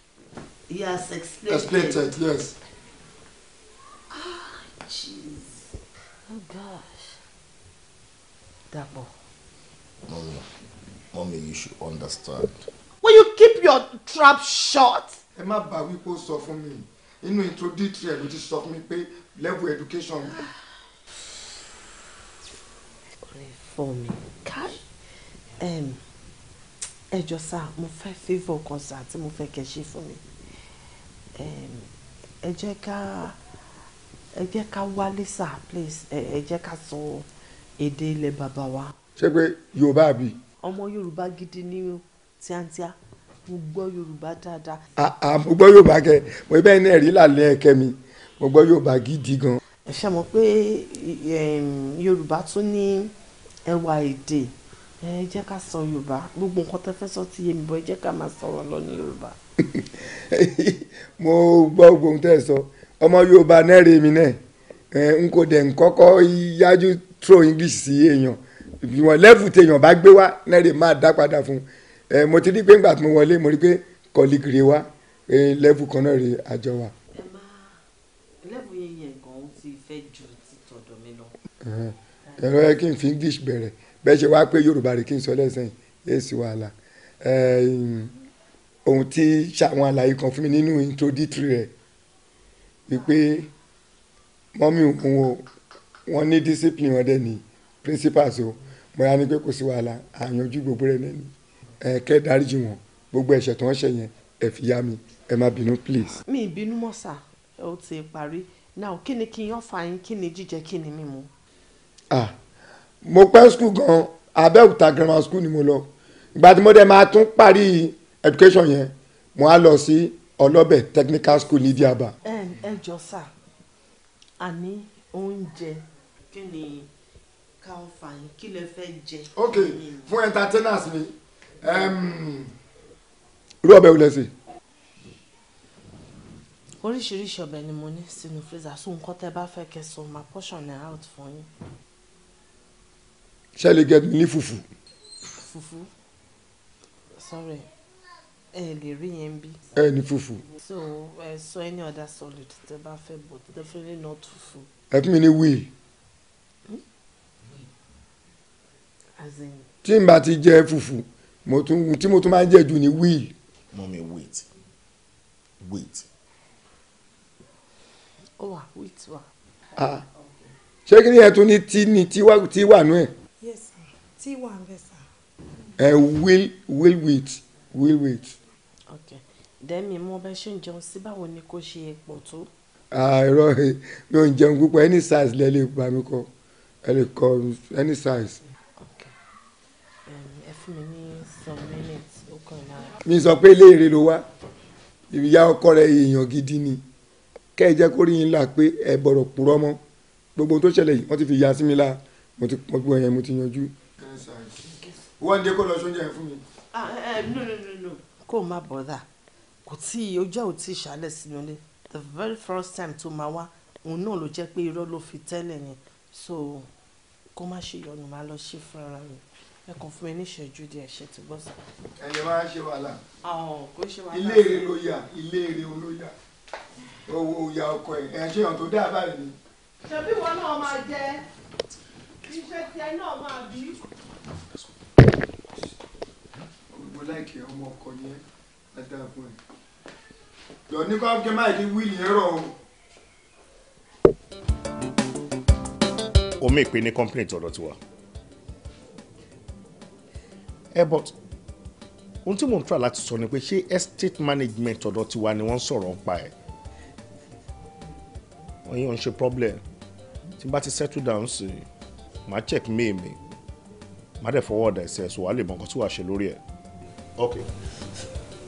he has explained, explained it. yes. ah jeez oh gosh Dàpọ̀. mọ́mí mọ́mí you should understand. will you keep your trap shut. ẹ má bàa wípé ó sọ fún mi inú introductory ẹ ló ti sọ fún mi pé level education. for me kai um, ẹ jọ sá mo fẹ́ favour kan sá tí mo fẹ́ kẹ́ ṣe fún mi um, ẹ jẹ́ ká ẹ jẹ́ ká wálé sá please ẹ jẹ́ ká sọ èdè ilẹ̀ bàbá wa. ṣé pé yorùbá àbí. ọmọ yorùbá gidi ni o tíátíá mo gbọ́ yorùbá dáadáa. àà mo gbọ́ yorùbá kẹ mo bẹ́ẹ̀ ní ẹ̀rí lálẹ́ ẹ̀kẹ́ mi mo gbọ́ yorùbá gidi gan. ẹ ṣe mọ̀ pé yorùbá tún ní. Ni ẹwà èdè ẹ jẹ́ ká sọ yorùbá gbogbo nǹkan ti yé mi bọ́ ẹ jẹ́ ká máa lọ ní yorùbá. mo gbọ́ ohun tẹ́ sọ ọmọ yorùbá náà rèé mi náà n kò dẹ̀ ń kọ́kọ́ yájú english sí èèyàn ìwọ̀n bá gbé wá náà máa padà fún un mo ti rí pé tí mo wọlé mo rí wa. ẹ̀rọ yẹ kí n fi english bẹ̀rẹ̀ bẹ́ẹ̀ ṣe wá pé yorùbá rẹ̀ kí n sọ lẹ́sìn èsì wàhálà ohun tí ṣàwọn àlàyé kan fún mi nínú introductory rẹ̀ wípé mọ́mí òkun o wọ́n ní discipline wọn dẹ̀ ní principals o mo yà ní pé kò sí wàhálà àyànjú gbogbo rẹ̀ nẹ́ni kẹ́ dáríjì wọn gbogbo ẹ̀ṣẹ̀ tó ń ṣe yẹn ẹ fi yá mi ẹ má bínú please. mi ìbínú mọ́ sà ó ti parí náà kí ni kí n yọ́ fa yín kí ni jíjẹ kí ni mímu ah mo pẹ́ skul gan abẹ́òkúta grammar school ni mo lọ ìgbà tí mo dẹ̀ máa tún parí education yẹn mo á lọ sí ọlọ́bẹ̀ technical school ní Díàbà. ẹ ẹ jọ sá àní oúnjẹ kí ni ká ń fà yín kí lẹ fẹ́ jẹ. ok fún entertainers mi irú ọbẹ̀ wo lẹ ṣe. oríṣiríṣi ọbẹ̀ ni mo ní sínú freezer so nǹkan tẹ́ bá fẹ́ kẹsàn-án máa portion it out fún yín ṣe lè get me fufu? Fufu, sorry ẹ lè rí yẹn bí. ẹ ní fùfù. so ẹ sọ any other solid tẹ bá fẹ́ but definitely not fufu. ẹ fún mi ní wíì. Hmm? tí n bá ti jẹ fùfù tí mo tún máa ń jẹ jù ní wíì. mọ́mi wait wait. ó wà wait wà. Ah. ṣé kí ni ẹ tún ní tí ní tí wà nú ẹ̀ tí wà ń bẹ̀ sà. ẹ will will wait will wait. ok dẹ́mi mo bẹ ṣe ń jẹun sí báwo ni kò ṣe pọ̀ tó. ẹ̀rọ mi ò ń jẹun púpọ̀ any size lẹ lè bá mi kọ ẹ lè kọ any size. ok ẹ fún mi ní some minutes ó kàn lára. mi sọ pé léèrè ló wá ìyá ọkọ rẹ èèyàn gidi ni kẹ́ ẹ jẹ́ kó rí yín là pé ẹ bọ̀rọ̀ purọ́ mọ́ gbogbo tó ṣẹlẹ̀ yìí wọ́n ti fi ya sí mi la mo ti pọ́n gbogbo yẹn mo ti yanjú wọ́n dé kó lọ sóúnjẹ fún mi. Ah, eh, eh, no no no no kó o má bọ̀dà kò tí ì ojú ò tí ì ṣálẹ̀ sínú ilé the very first time tó máa wá òun náà ló jẹ́ pé irọ́ ló fi tẹ́lẹ̀ yẹn so kó má ṣe yọnu máa lọ ṣe fúnra mi ẹ kàn fún mi ní ìṣẹ́jú díẹ̀ ṣe ti gbọ́ sí. ẹ̀yẹ̀ máa ṣe wàhálà oh, ilé èrè ló yà ilé èrè ló yà owó ìyá ọkọ ẹ̀ ẹ̀ ṣe hàn tó dáa báyìí ni. ṣebí wọn náà máa jẹ iṣẹ́ tiẹ̀ náà máa bí láìkè ọmọ ọkọ yẹn dáadáa fún ẹ jọ ní kọ́ kí máa di wíìlì yẹn rọ̀ o. omi ìpè ní kọ́ńpìnì tọ̀dọ̀ tiwa airport eh, ohun tí mò ń tura láti sọ ni pé ṣé estate management ọ̀dọ̀ tiwa ni wọ́n ń sọ̀rọ̀ ń pa ẹ̀ wọ́n yàn ń ṣe problem tí n bá ti settle down sí i màá check mail mi màá dẹ̀ forward ẹ̀ sí ẹ̀ sọ wàá lè mọ nǹkan tí wàá ṣe lórí ẹ̀. Okay.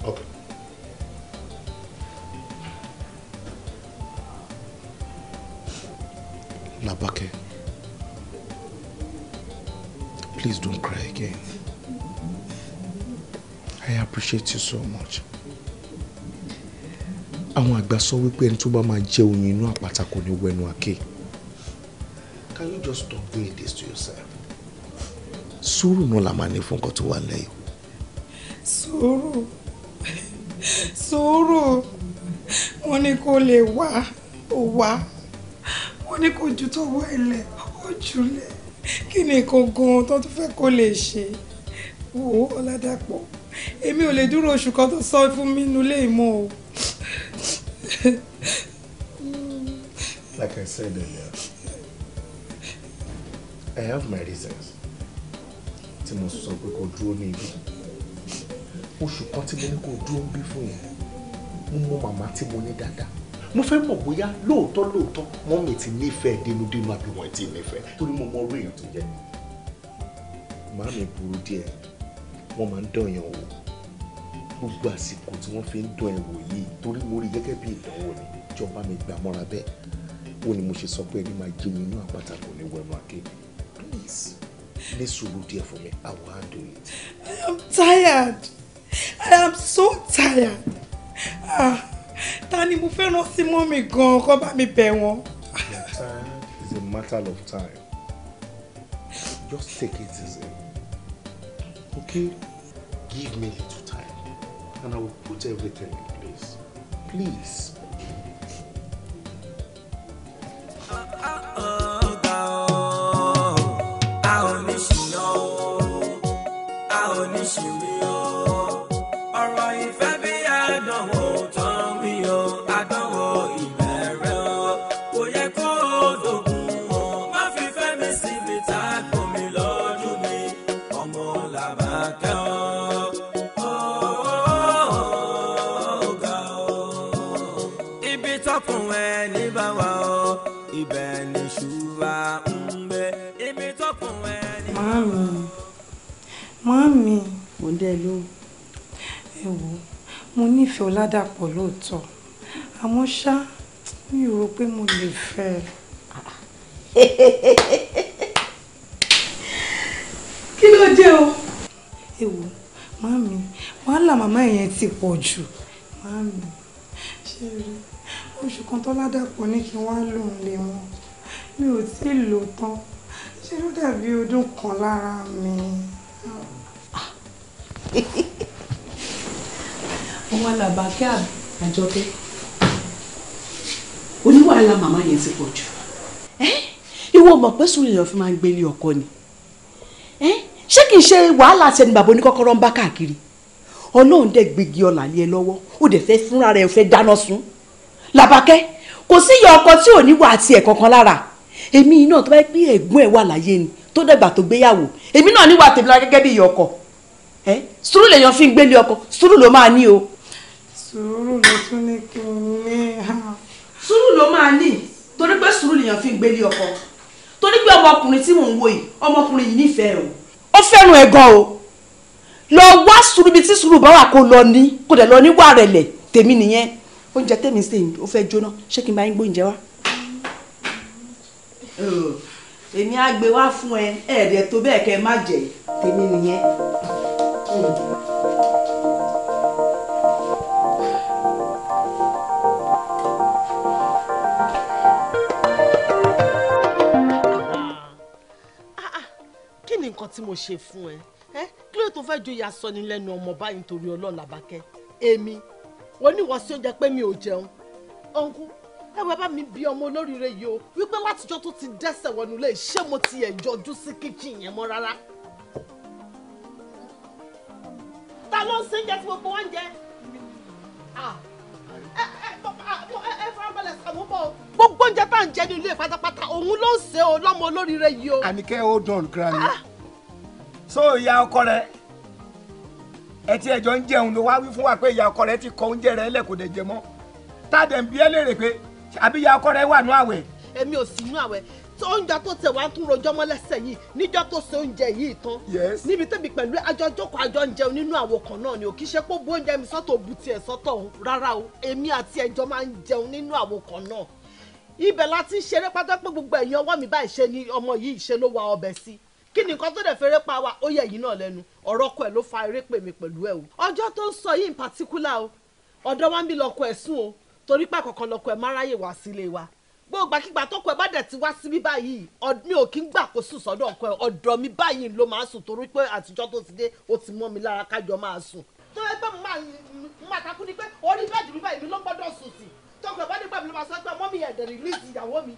Okay. Labake, please don't cry again. I appreciate you so much. Àwọn àgbà sọ wípé ẹni tó bá máa jẹ oyin inú àpáta kò ní wẹnu àké. Can you just stop doing this to yourself? Sùúrù náà la máa ní fún nǹkan tó wà lẹ́yìn sùúrù sùúrù wọ́n ní kó lè wá wá wọ́n ní kó ju tó wá ilẹ̀ ó kí ni nǹkan gan tó tún fẹ́ kó lè ṣe wò ó ọ̀làdàpọ̀ èmi ò lè dúró oṣù kan tó sọ fún mi nulẹ̀ ìmọ̀ o. Like I said earlier, I have my reasons. Tí mo sọ pé kò dúró ní ibi oṣù kan tí mo ní kó dúró bí fún yẹn mo mọ màmá tí mo ní dáadáa mo fẹ́ mọ̀ bóyá lóòótọ́ lóòótọ́ mọ́mì ti nífẹ̀ẹ́ dénúdénú àbí wọ́n ti nífẹ̀ẹ́ torí mo mọ orí èèyàn tó jẹ́ màmí burú díẹ̀ wọ́n máa ń dọ̀yàn wò gbogbo àsìkò tí wọ́n fi ń dán ẹ wò yìí torí mo rí gẹ́gẹ́ bí ìdánwò ni ìjọba mi gbà mọ́ra bẹ́ẹ̀ wo ni mo ṣe sọ pé ẹni máa jẹ́ mi inú àpáta kò ní wẹ̀nu àké please ní sùúrù díẹ̀ fún mi I will handle I am tired. I am so tired. Ah, ta ni mo fẹ́ràn sí mọ́ mi gan-an kó bá mi bẹ̀ wọ́n. time is a matter of time. Just take it easy. Okay? Give me a little time and I will put everything in place. Please. I only she know. I only she real. dẹ́ lóhùn. ẹ wo mo nífẹ̀ẹ́ Ọládàpọ̀ lóòótọ́ àmọ́ ṣá mi ò rò pé mo lè fẹ́ ẹ. kí ló jẹ́ o. ẹ wo màmí wàhálà màmá yẹn ti pọ̀ jù màmí ṣe rí oṣù kan tó ládàpọ̀ ní kí wọ́n á lòun lè wọn mi ò tí ì lò tán ṣé ló dàbí ọdún kan lára mi ọmọ alàbàkẹ́ àjọkẹ́ oníwàhálà màmá yẹn ti pọ̀ jù. ìwọ mọ̀ pé sùn lèèyàn fi máa ń gbélé ọkọ ni ṣé kìí ṣe wàhálà sẹni bàbá oníkọ́kọ́rọ́ ń bá káàkiri ọlọ́run dẹ̀ gbégi ọ̀là lé ẹ lọ́wọ́ ó dẹ̀ fẹ́ fúnra rẹ̀ fẹ́ dáná sun làbàkẹ́ kò sí ìyá ọkọ tí ò ní wà àti ẹ̀ kankan lára èmi náà tó bá yẹ pé ẹ̀gbọ́n ẹ̀ wà láyé ni tó dẹ̀gbà tó gbéyàwó èmi náà níwà tèmi lára gẹ́gẹ́ bí ìyá ọkọ Eh? sùúrù lèèyàn fi ń gbélé ọkọ sùúrù ló máa ní o. sùúrù ló tún ní kí n ní. sùúrù ló máa ní torí pé sùúrù lèèyàn fi ń gbélé ọkọ torí pé ọmọkùnrin tí mò ń wo yìí ọmọkùnrin yìí nífẹ̀ẹ́ o. ó fẹ́ràn ẹ̀ gan o lọ wá sùúrù bíi tí sùúrù bá wà kó lọ ní kó dẹ̀ lọ ní wà rẹ̀ lẹ̀ tèmi nìyẹn oúnjẹ tèmi sè ó fẹ́ jóná ṣé kí n bá yín gbóúnjẹ wá èmi á gbé wá fún ẹ ẹ̀ẹ́dẹ̀ tó bẹ́ẹ̀ kẹ́ ẹ má jẹ tèmi nìyẹn yìí. kí ni nǹkan tí mo ṣe fún ẹ ẹ kí ló tó fẹ́ joyè asọ ni lẹ́nu ọmọ báyìí nítorí ọlọ́ọ̀lá bákẹ́ èmi wọn ní ìwọ̀sí oúnjẹ pé mi ò jẹun ọ̀nkú ẹ wọ bá mi bí ọmọ olóríire yìí o wípé látijọ́ tó ti dẹ́sẹ̀ wọnú lé ṣé mo ti ẹ̀ jọjú sí kíchìn yẹn mọ́ rárá. ta ló ń ṣe tí gbogbo wọn jẹ gbogbo oúnjẹ tá à ń jẹ ní ilé pátápátá òun ló ń ṣe o lọ́mọ olóríire yìí o. àníkẹ́ ó dùn granny ah. so ìyá ọkọ rẹ ẹ ti ẹjọ ń jẹun ló wá wí fún wa pé ìyá ọkọ rẹ ti kọ oúnjẹ rẹ lẹ kò dẹ jẹ mọ́ tá a dẹ̀ ń bi ẹ́ léèrè pé àbí ìyá ọkọ rẹ wà nú àwẹ̀. èmi ò sí nú àwẹ̀ oúnjẹ tó tẹ̀ wá tún rojọ́ mọ́ yìí níjọ́ tó ṣe oúnjẹ yìí tán níbi tẹ́bi pẹ̀lú àjọjọ́kọ̀ àjọ ń jẹun nínú àwo kan náà ni ò kì ṣe pé bó oúnjẹ mi sọ́tọ̀ bu tiẹ̀ rárá o èmi àti ẹjọ́ máa ń jẹun nínú àwo kan náà ibẹ̀ láti ń ṣeré pátá pé gbogbo ẹ̀yìn ọwọ́ mi báyìí ṣe ni ọmọ yìí ṣe ló wa ọbẹ̀ sí kí ni nǹkan tó dẹ̀ fẹ́rẹ́ pa wa ó yẹ yìí náà lẹ́nu ọ̀rọ̀ ọkọ ẹ̀ ló fa eré pè mí pẹ̀lú ẹ̀ o ọjọ́ tó ń sọ yìí in particular o ọ̀dọ̀ wa ń bí lọ́kọ ẹ̀ sùn o torí pé àkọ́kọ́ lọ́kọ ẹ̀ máráyè wá sílé wa gbogbogbàkígbà tọkọ ẹ bá dẹ̀ ti wá síbí báyìí mi ò kí ń gbà kó sùn sọ́dọ̀ ọkọ ẹ ọ̀dọ̀ mi báyìí ló máa sùn torí pé àtijọ́ tó ti dé ó ti mọ́ mi lára kájọ máa sùn. tó ẹ gbọ́ mo máa takú ni pé orí bẹ́ẹ̀dì mi báyìí mi ló gbọ́dọ̀ sùn sí tọkọ ẹ bá nígbà mi ló máa sọ pé mọ́mí ẹ̀dẹ̀ rìlíìsì ìyàwó mi.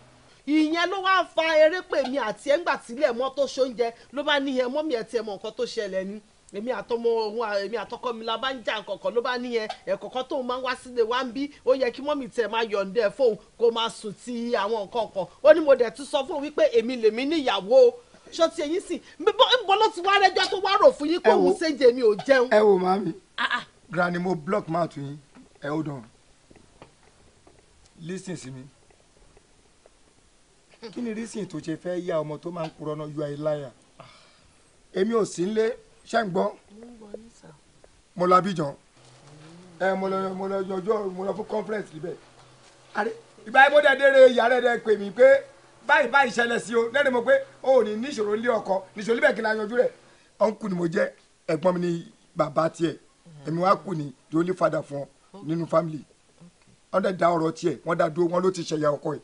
ìyẹn ló wá fa erépè mi àti ẹ̀ngbà tílẹ̀ mọ́ tó ṣoúnjẹ ló bá ní èmi àtọmọ òun èmi àtọkọ mi la bá ń jà kọ̀ọ̀kan ló bá níyẹn ẹ̀kọ̀ọ̀kan tóun máa ń wá sílé wá ń bí ó yẹ kí mọ́mì tẹ̀ máa yọ̀ǹda fóun kó máa sùn ti àwọn nǹkan kan ó ní mo dẹ̀ tún sọ fóun wípé èmi lèmi níyàwó ṣó ti eyín sìn bọ́ ló ti wá rẹjọ́ tó wá rò fún yín kó òun séje mi ò jẹun. ẹ wo màmí ah, ah. granny mo block mouth yín ẹ hold on listen sí mi kí ni reason tó ṣe fẹ́ yá ọmọ tó máa ń purọ́ náà you are a liar ah. èmi ò sí ń lé ṣé ń gbọ́ mo lọ Abidjan ẹ mo lọ mo lọ yọjọ mo lọ fún conference níbẹ̀ ìgbà yẹn mo dẹ̀ dére yàrá ẹ̀ pè mí pé báyìí báyìí ṣẹlẹ̀ sí o lẹ́nu mo pé o ò ní níṣòro ilé ọkọ níṣòro ibẹ̀ kí n yanjú rẹ̀ ọ̀nkù ni mo jẹ́ ẹ̀gbọ́n mi ni bàbá tiẹ̀ èmi wá kù ní the only father fún ọ nínú family wọ́n dẹ̀ da ọ̀rọ̀ tiẹ̀ wọ́n dá dúró wọ́n ló ti ṣẹ̀yà ọkọ yìí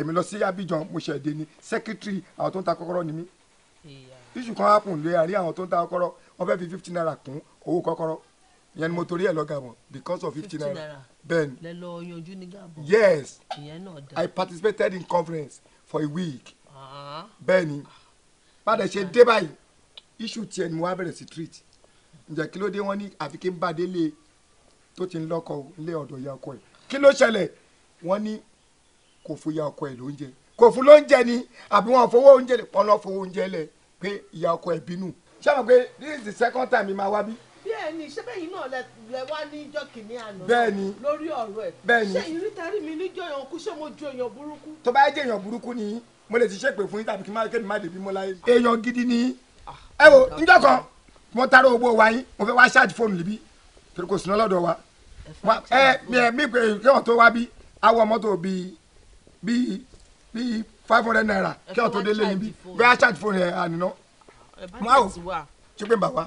èmi lọ sí Abidjan mo ṣẹ̀ dé ni secretary àwọn tó ń ta kọ́kọ́rọ́ ni mí iṣu kan happen lé àrí àwọn tó ń ta kọ́kọ́rọ́ wọ́n fẹ́ fi fifty naira kún owó kọ́kọ́rọ́ ìyẹn ni mo torí ẹ̀ lọ Gabon because of fifty naira bẹ́ẹ̀ ni. yes I participated in conference for a week. Ah. bẹ́ẹ̀ ni padà ṣe dé báyìí iṣu tiẹ̀ ni mo wá bẹ̀rẹ̀ sí treat ǹjẹ́ kí ló dé wọ́n ní àfi kí n bá délé tó ti ń lọ́kọ lé ọ̀dọ̀ ìyá ọkọ ẹ̀ kí ló ṣẹlẹ̀ wọ́n ní kò fún ìyá ọkọ ẹ̀ lóúnjẹ kò fún lóúnjẹ ni àbí wọn fowó oúnjẹ lẹ̀ wọ́n lọ́ fowó oúnjẹ lẹ̀ pé ìyá ọkọ ẹ̀ bínú ṣé àwọn pé this is the second time mi máa wá bí. bẹ́ẹ̀ni ṣé bẹyìn náà lẹ wá níjọ́ kìnínní àná. bẹ́ẹ̀ni lórí ọ̀rọ̀ ẹ̀. bẹ́ẹ̀ni ṣé ìrítàrí mi níjọ́ yàn kú ṣé mo ju èèyàn burúkú. tó bá jẹ́ èèyàn burúkú ni mo lè ti ṣépè fún yín tàbí kí n má kéde má débi mọ́ láyé. èèyàn gidi ni ah. ẹ wo níjọ́ kan mo tara owó wa yín mo fẹ́ wá ṣáàjì fóònù níbí kò sínú lọ́dọ̀ wa ẹ mi pé kéwọ́n tó wá bí awọ mọ́tò bíi bíi bíi five hundred naira kí ọ tó délé bí bẹ́ẹ̀ charge fóònù ẹ̀ àníná. máa wò ṣé pé ń bà wà.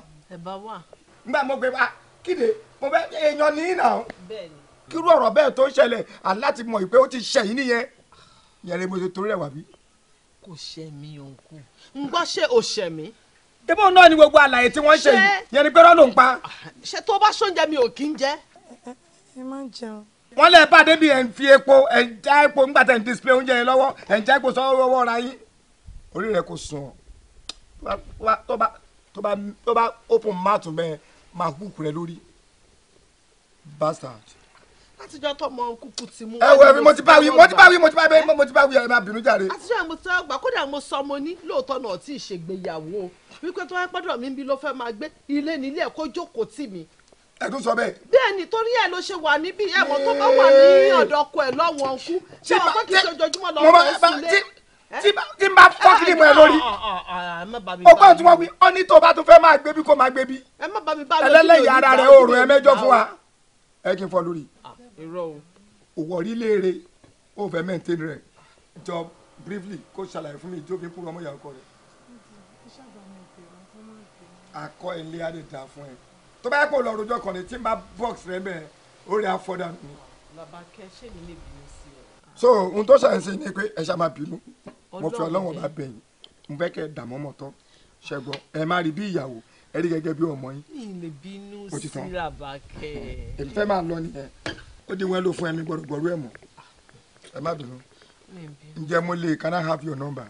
nígbà mo gbé bá kíde mo fẹ́ èèyàn ní ìnà kírú ọ̀rọ̀ bẹ́ẹ̀ tó ṣẹlẹ̀ aláti mọ̀ ìpè ó ti ṣẹ̀yìn nìyẹn mo torí rẹ̀ bí. kò mí òǹkù ń gbọ́ ò mí débò náà ni gbogbo àlàyé tí wọ́n ṣe yẹn ni pa. wọ́n lè bá débi ẹ̀ ń fi epo ẹ̀ ń já epo ńgbà tẹ̀ ń display oúnjẹ yẹn lọ́wọ́ ẹ̀ ń já epo sọ́wọ́ ọwọ́ ra yín orí rẹ̀ kò sùn ọ́ tó bá tó bá tó open mouth bẹ́ẹ̀ máa hook rẹ̀ lórí bastard. látijọ́ tó mọ kúkú ti mú. ẹ wo ẹbí mo ti bá wí mo ti bá wí mo ti bá wí mo ti bá wí ẹ má bínú jáde. àtijọ́ àmọ́ tí wọ́n gbà kódà mo sọ mo ní lóòótọ́ náà tí ì ṣègbéyàwó wípé tó wáá gbọ́dọ̀ mi bí ló fẹ́ máa gbé ilé nílé ẹ̀ kó jókòó tì mí ẹ tún sọ bẹ́ẹ̀. bẹ́ẹ̀ ni torí ẹ ló ṣe wà níbí ẹmọ tó bá wà ní ọ̀dọ̀ ọkọ ẹ lọ́wọ́ ọkú ṣé wọn kò kí sojoojúmọ́ lọ wọ sílé. tí n bá fọ́ kí ni mo ẹ ah, lórí. ọgbọ́n tí wọ́n wí ọ ní tó bá tún fẹ́ máa gbé bí kò máa gbé bí. ẹ má bá mi bá lórí lórí ẹlẹ́lẹ́yìn ara rẹ̀ oòrùn ẹ mẹ́jọ fún wa. Ah. ẹ kì í fọ lórí. Ah, òwò rí léèrè ó fẹ́ maintain rẹ̀ jọ briefly kó ṣàlàyé fún mi ìjókòó kúrò ọmọ ìyàwó kọ rẹ̀. akọ ilé á lè dà fún ẹ tó bá yẹ kó lọ rojọ́ kàn ní tí n bá box rẹ bẹ́ẹ̀ ó rí afọ́dà mi. bàbá kẹ mi lè bínú sí ọ. so ohun tó ṣàǹsìn ni pé ẹ ṣá máa bínú mo fi ọlọ́wọ́n bá bẹ̀yìn mo fẹ́ kẹ́ ẹ dààmú ọmọ tán ṣẹ́gbọ́n ẹ má rí bí ìyàwó ẹ rí gẹ́gẹ́ bí ọmọ yín. mi lè bínú sí Làbákẹ́. èmi fẹ́ máa lọ nìyẹn ó di wọn ló fún ẹni gbọrúgbọrú ẹ mọ ẹ má bínú ǹjẹ́ mo lè can I have your number.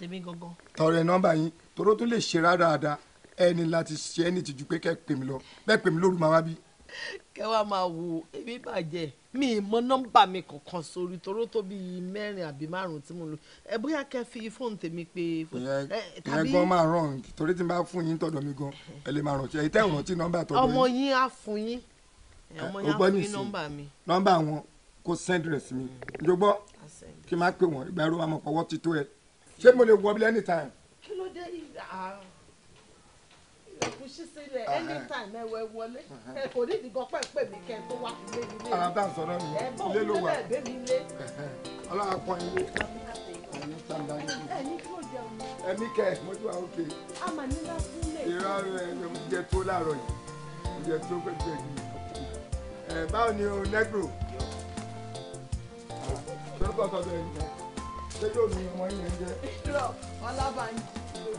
tèmi gangan. tọrọ ẹ nọ́mbà yín toró tún lè ṣe rárá dáadáa ẹni láti ṣe ẹni tìjú pé kẹ́ pè mí lọ bẹ́ẹ̀ pè mí lóru màá wá bí. kẹ́ wàá máa wo èmi bàjẹ́ mi ì mọ nọ́mbà mi kankan sórí toró tó bíi mẹ́rin àbí márùn-ún tí mo lò ẹ bóyá kẹ́ fi fóònù tèmi pé. ìyẹn gan máa ràn torí tí n bá fún yín tọ̀dọ̀ mi gan ẹ lè máa rántí ẹ tẹ́ ìrántí nọ́mbà tọ̀dọ̀ yín. ọmọ yín á fún yín ọmọ yín á fún yín nọ́mbà mi. nọ́mbà wọn kò sẹ́ndírẹ̀sì mi jọgbọ́ kí n má pè wọ́n ìgbà ẹ̀rọ wa mọ̀ pọ̀wọ́ ti tó ẹ ṣé mo lè wọ bí lẹ́nìtàn. kí ló dé ẹ̀gúsí sílẹ̀ anytime ẹ̀wẹ̀ wọlé ẹ kò ní ìdìgọ́ pẹ́ pè mí kẹ́ ẹ tó wá ilé mi lé. ara bá ń sọ̀rọ̀ mi ilé ló wà ọlọ́run akọ ilé ẹ̀yìn tàǹdà ní ìlú ẹ̀mí kẹ́ ẹ̀ mọ́tò àwọn òkè ìrọ̀rùn ẹ̀ ló ń jẹ tó láàárọ̀ yìí ó jẹ tó pẹ́pẹ́ yìí ẹ̀ báwo ni o nẹ́gbò sọ́kọ̀ sọ́dọ̀ ẹ̀ ń jẹ ṣé lómi ọmọ yìí ń jẹ. ọlábàá ń jẹ.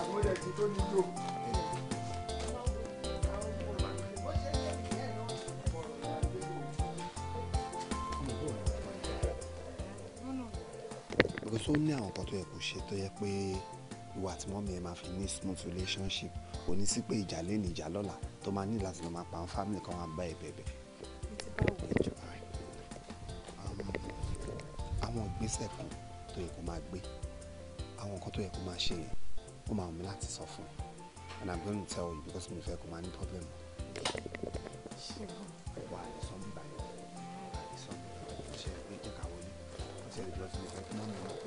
àbúrò ẹ̀ ti tó ní jò. because ó ní àwọn nǹkan tó yẹ kó ṣe tó yẹ pé ìwà àti mọ́mí ẹ máa fi ní smooth relationship kò ní sí pé ìjà lé ìjà lọ́la tó máa ní láti lọ máa pa àwọn family kan wá bá ẹ bẹ̀bẹ̀. àwọn ìgbésẹ̀ kan tó yẹ kó máa gbé àwọn nǹkan tó yẹ kó máa ṣe yẹn ó máa wù mí láti sọ fún ẹ and i'm going to tell you because mi fẹ́ kó máa ní problem. wà á sọ mi báyìí wà á sọ mi báyìí ṣe é jẹ́ ká wọlé ṣe é jọ́ sí mi fẹ́ kí wọ́n mú un.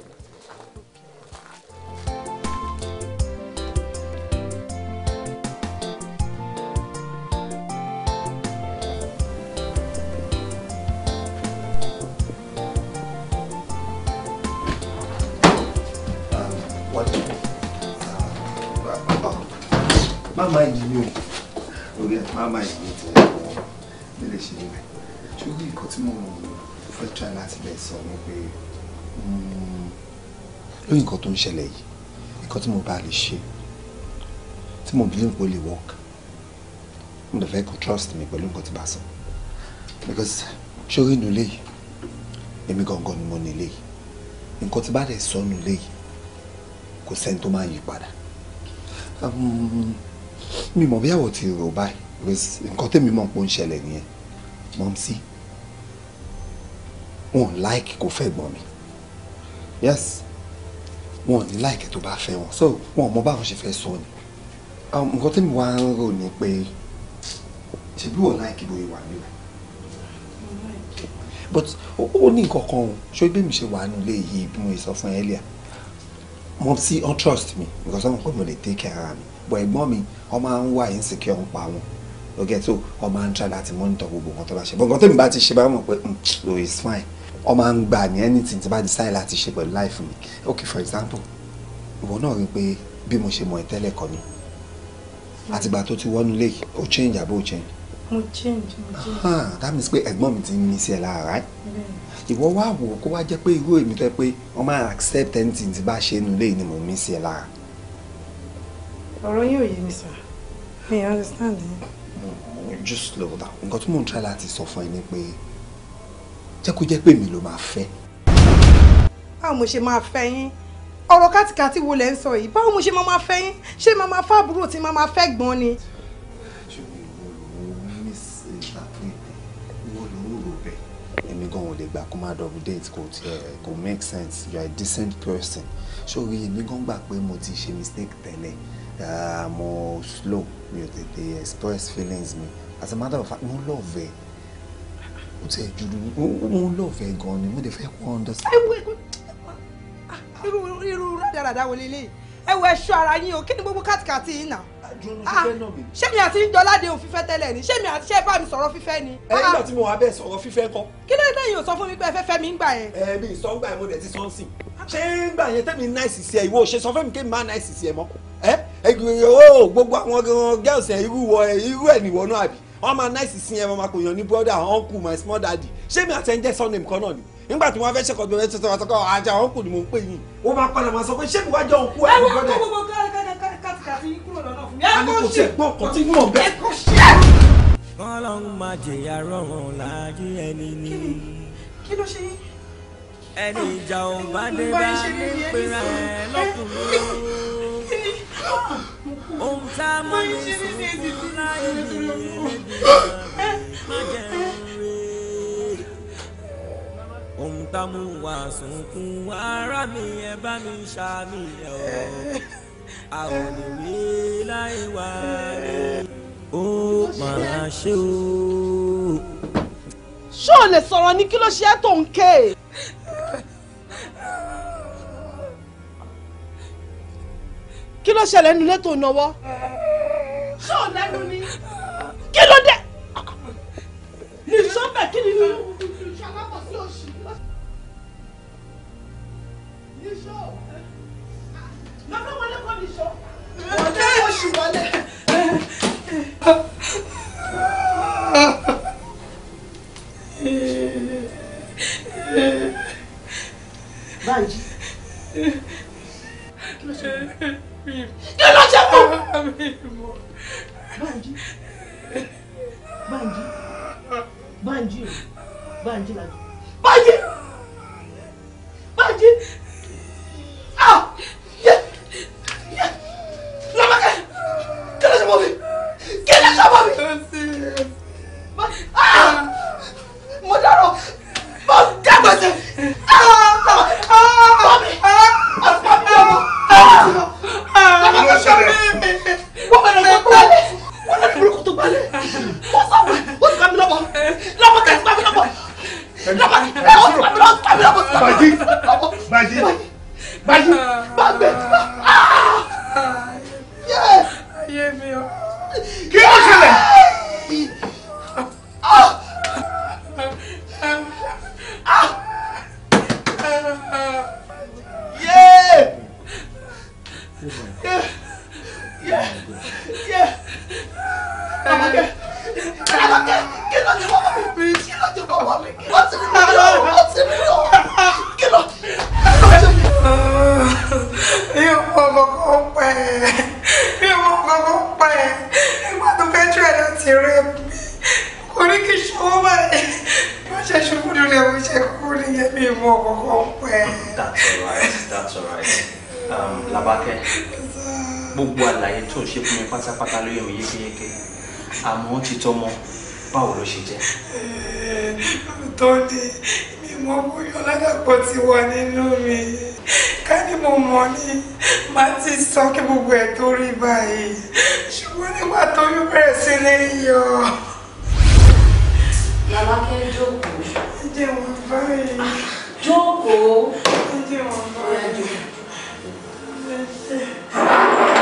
máma yìí mi ò orí ẹ̀ máma yìí mi tẹ̀lé mi lè ṣe níbẹ̀ ṣùgbọ́n nǹkan tí mo fẹ́ try láti bẹ̀ sọ ni pé hmm, lórí nǹkan tó ń ṣẹlẹ̀ yìí nǹkan tí mo bá lè ṣe tí mo believe pé ó lè work mo dẹ̀ fẹ́ kó trust mi pẹ̀lú nǹkan tí bá sọ because ṣórí inú ilé yìí èmi gangan ni mo ní ilé yìí nǹkan tí bá dẹ̀ sọ nù ilé yìí kò sẹ́ni tó máa yí padà. Um, mi mọ̀ bí àwọ̀ ti rò báyìí nǹkan tẹ́mi mọ̀ pé ó ń ṣẹlẹ̀ nìyẹn mọ̀mísí wọn láìkì kó fẹ́ gbọ́n mi yes wọn ní láìkì tó bá fẹ́ wọn so wọn mọ báwọn ṣe fẹ́ sọ ni nǹkan tẹ́mi wá ń rò ni pé ṣe bí wọn láìkì bóyá wà nílẹ̀ but ó ní nǹkan kan o ṣé bí mi ṣe wà nílé yìí bí mo sọ fún ẹ earlier mọ̀mísí un trust me nǹkan sọ́wọ́n pé mo lè take care ara mi bọ̀ ẹ̀gbọ́n mi wọ́n máa ń wà insecure ń pa wọn lókè tó wọ́n máa ń try láti monitor gbogbo nǹkan tó bá ṣe bọ̀ nǹkan tèmi bá ti ṣe bá mọ̀ pé lo hmm, is fine wọ́n máa ń gbà ní anything tí bá decide láti ṣe pẹ̀lú life mi okay for example ìwọ náà rí i pé bí mo ṣe mọ̀ ẹ́ tẹ́lẹ̀ kọ́ ni àtìgbà tó ti wọ́nú lé o change àbó o change. mo change mo change. that means pé ẹ̀gbọ́n mi ti ń mí sí ẹ lára right. ìwọ wá wò kó wá jẹ́ pé irú èmi tẹ́ pé wọ́n máa accept anything tí bá ṣe nulẹ̀ ni mo mí sí ẹ lára ọ̀rọ̀ yóò yé mi sà mi understand yín. just slow down nǹkan tí mò ń try láti sọ fún ẹ ni pé jẹ́ kó jẹ́ pé mi ló máa fẹ́. báwo mo ṣe máa fẹ́ yín ọ̀rọ̀ kátìkátì wo lẹ́ ń sọ yìí báwo mo ṣe máa fẹ́ yín ṣé máa máa fẹ́ àbúrò tí máa máa fẹ́ gbọ́n ni. èmi gan ò lè gbà kó má double date kò tiẹ̀ kò make sense you are a decent person ṣé orí èmi gan gbà pé mo ti ṣe mistake tẹ́lẹ̀ uh, mo slow mi the the express feelings me. as a matter of fact mo love ẹ ó tẹ̀ ju mo love ẹ gan ni mo dẹ̀ fẹ́ kó understand. irú irú rádaràdà wo lélẹ́yìí ẹ wo ẹṣọ ara yín o kí ni gbogbo kàtìkàtì yín nà. Ah, ah, ṣé mi àti jọládé ò fífẹ́ tẹ́lẹ̀ ni ṣé mi àti ṣé bá mi sọ̀rọ̀ fífẹ́ ni. ẹ nígbà tí mo wà bẹ́ẹ̀ sọ̀rọ̀ fífẹ́ kọ́. kí ló dé yìí ò sọ fún mi pé ẹ fẹ́ mi ń gbà yẹn. ẹ mi ìsọ̀ngbà yẹn mo dẹ̀ ti sọ́nsìn. ṣé ń gbà yẹn tẹ́mi náìsì sí ẹ ìwọ ṣe sọ fún mi kí n má náìsì sí ẹ mọ́ ẹ gbogbo àwọn girls irú wọ irú ẹ nìwọ náà àbí wọn máa náìsì sí ẹ wọn máa kò brother uncle my small daddy ṣé mi àti ẹ ń jẹ surname kan náà ni nígbà tí wọn fẹ́ ṣẹkọọ tó fẹ́ ṣe sọ̀rọ̀ sọkọ àjà uncle ni mò ń pè yín ó máa padà máa sọ pé ṣé mi wá jọ òkú ẹ ní brother. ẹ wọ́n gbogbo kátìkátì kúrò lọ́nà fún mi. a ní kò tiẹ̀ gbọ́ kọ́ tí inú ọ̀bẹ. ẹ kò ṣe. ọlọ́run máa jẹ̀yà rọrùn ohun tá a mọ̀ ní sùúrù wá ara mi ẹ bá mi ṣàmì ẹ̀ ọ́ àwọn ìwé láì wá rẹ̀ ó máa ṣe o. ṣé o lè sọ̀rọ̀ ní kí ló ṣe é tó ń ké? ló ṣẹlẹ̀ nínú ilé náwó. ṣé ò lẹ́nu ni kí ló dé. lè kí ni alright that's alright um, Labake gbogbo àlàyé tó ṣe fún mi pátápátá ló yé mi yékéyéké àmọ́ ti tọmọ báwo ló ṣe jẹ́. tó mi mọ bóyá Ọládàpọ̀ ti wà nínú mi ká ní mo mọ̀ ni màá ti sọ kí gbogbo ẹ̀ tó rí báyìí ṣùgbọ́n nígbà tó yún bẹ̀rẹ̀ sí ní yọ. Labake jókòó. jẹun báyìí. Ah, jókòó. Пойдем, Ваня. Да ты...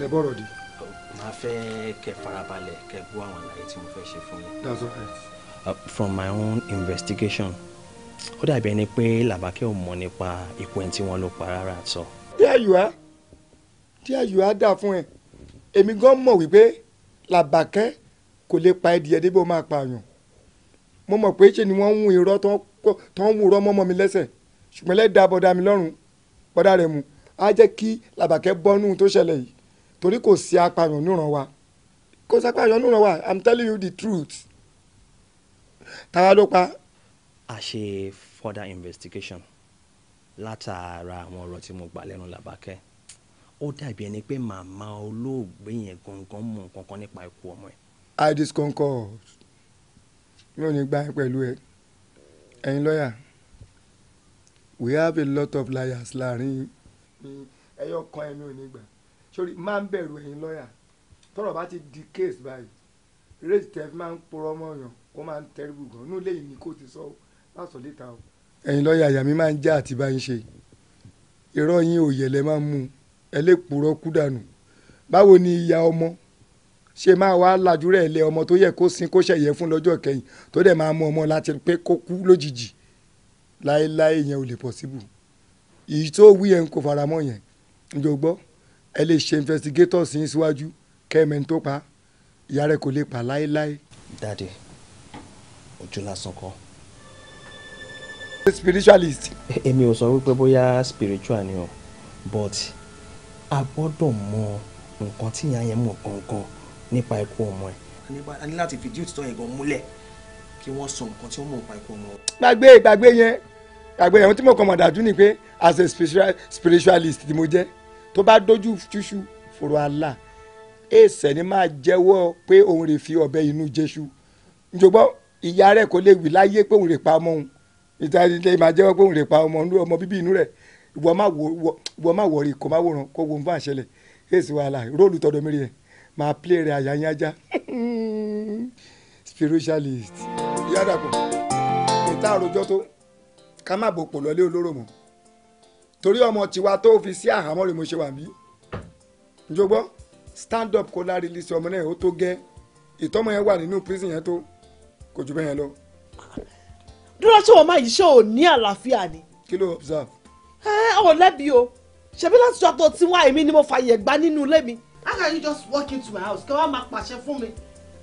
lẹ bọ̀rọ̀ di. màá fẹ́ kẹ́ farabalẹ̀ kẹ́ gbọ́ àwọn àlàyé tí mo fẹ́ ṣe fún yín. that's all right. Uh, from my own investigation ó dàbí ẹni pé làbákẹ́ ò mọ̀ nípa ikú ẹni tí wọ́n ló pa rárá sọ. tí àyùá tí àyùá dà fún ẹ èmi gan mọ̀ wípé làbákẹ́ kò lè pa ẹdìyẹ débí ó máa pààyàn mo mọ̀ pé ṣe ni wọ́n ń hun irọ́ tó ń wúrọ́ mọ́mọ́ mi lẹ́sẹ̀ ṣùgbọ́n lẹ́ẹ̀dá bọ́dá mi lọ́rùn bọ́dá rẹ̀ mu á jẹ́ kí làbákẹ́ bọ́nú tó ṣẹlẹ̀ yìí torí kò sí apààyàn níran wa kò sí apààyàn níran wa i'm telling you the truth táwa a ṣe further investigation látara àwọn ọ̀rọ̀ tí mo gbà lẹ́nu làbákẹ́ ó dàbí ẹni pé màmá olóògbé yẹn gangan mọ nǹkan nípa ikú ọmọ ẹ. i disconcord mi ò ní gbà pẹ̀lú ẹ ẹ̀yin lọ́ọ̀yà we have a lot of liars láàrin ẹyọ kan ẹ̀mí ò ní gbà sórí máa ń bẹ̀rù ẹ̀yin lọ́ọ̀yà tọ́rọ̀ bá ti di case báyìí rate tẹ fi máa ń purọ́ mọ́ ọ̀yàn ó máa ń tẹ́rìbù gan inú ilé yìí ni kò ti sọ láṣọ létà o. ẹ̀yin lọ́ọ̀yà àyà mi máa ń já àti bá ń ṣe irọ́ yín òyẹ̀lẹ̀ máa ń mú ẹlẹ́pùrọ́ kú dànù báwo ni ìyá ọmọ ṣe máa wá lajúrẹ́ ilé ọmọ tó yẹ kó sin kó ṣẹ̀yẹ fún lọ́jọ́ kẹyìn tó dẹ̀ máa mú ọmọ láti pé kó kú lójijì láéláé yẹn ò lè pọ̀ síbù èyí ẹ lè ṣe investigators yín síwájú kẹ́mẹ́ni tó pa ìyá rẹ̀ kò lè pa láéláé. dáàdi ojú lásán kọ́. spiritualist. èmi ò sọ wípé bóyá spiritual ni o but a gbọ́dọ̀ mọ nǹkan tí ìyá yẹn mọ̀ gangan nípa ikú ọmọ ẹ̀. a ní láti fìdí òtítọ́ yẹn gan múlẹ̀ kí wọ́n sọ nǹkan tí wọ́n mọ̀ nípa ikú ọmọ. gbàgbé gbàgbé yẹn gbàgbé yẹn tí mo kàn mọ̀ dájú ni pé as a spiritualist ni mo jẹ́ tó bá dojú ṣuṣu fòrò àlà èsẹ̀ ni máa jẹ́wọ́ pé òun rè fi ọ̀bẹ inú jésù njọgbọ́ ìyá rẹ̀ kò lè wí láyé pé òun rè pa ọmọ òun ìtàdí lè máa jẹ́wọ́ pé òun rè pa ọmọ ọmọ bíbí inú rẹ̀ ìwọ má wọrí kò má wòran kó wo nǹkan àṣẹlẹ̀ èsì wàhálà róòlù tọ̀dọ̀ mi rẹ̀ máa plé rẹ̀ àyà yín ajá spiritualist yàrá kò kò tá àròjọ tó ká má bò pò lọlé olóró mọ́ torí ọmọ tiwa tó fi sí àhámọ́ rẹ̀ mo ṣe wà mí njọgbọ́ stand up kó release ọmọ náà ó tó gẹ́ ìtọ́mọ yẹn wà nínú prison yẹn tó kò jù bẹ́ẹ̀ yẹn lọ. dúró tí wọn máa yìí ṣe ò ní àlàáfíà ni. kí observe. ẹ ọ̀ lẹ́bi o ṣebí láti jọ tó tí wá ni mo fa gbà nínú ilé mi. how can you just walk into my house kí wọ́n máa pàṣẹ fún mi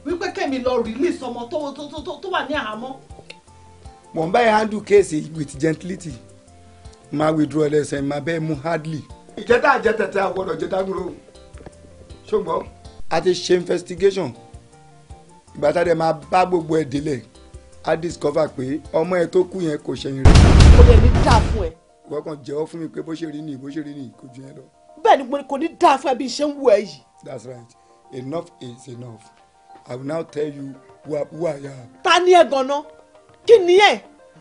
wípé kẹ́mi lọ release ọmọ tó wà ní àhámọ́. mo ń bá yẹn handle case with gentility máa withdraw ẹlẹ́sẹ̀ máa bẹ́ẹ̀ mú hardly. ìjẹta àjẹtẹtẹ àwọdọ jẹta dúró ṣùgbọ́n. a ti ṣe investigation ìgbà tá a dẹ̀ máa bá gbogbo ẹ̀ délẹ̀ a discover pé ọmọ ẹ tó kú yẹn kò ṣẹ̀yìn rẹ̀. kò lè ní dáa fún ẹ. ìwọ kan jẹ́wọ́ fún mi pé bó ṣe rí nìyí bó ṣe rí nìyí kò ju yẹn lọ. bẹ́ẹ̀ni mo kò ní dáa fún ẹ bí iṣẹ́ ń wù ẹ yìí. that's right enough is enough i will now tell you who i am. ta ni ẹ gan-an kí ni ẹ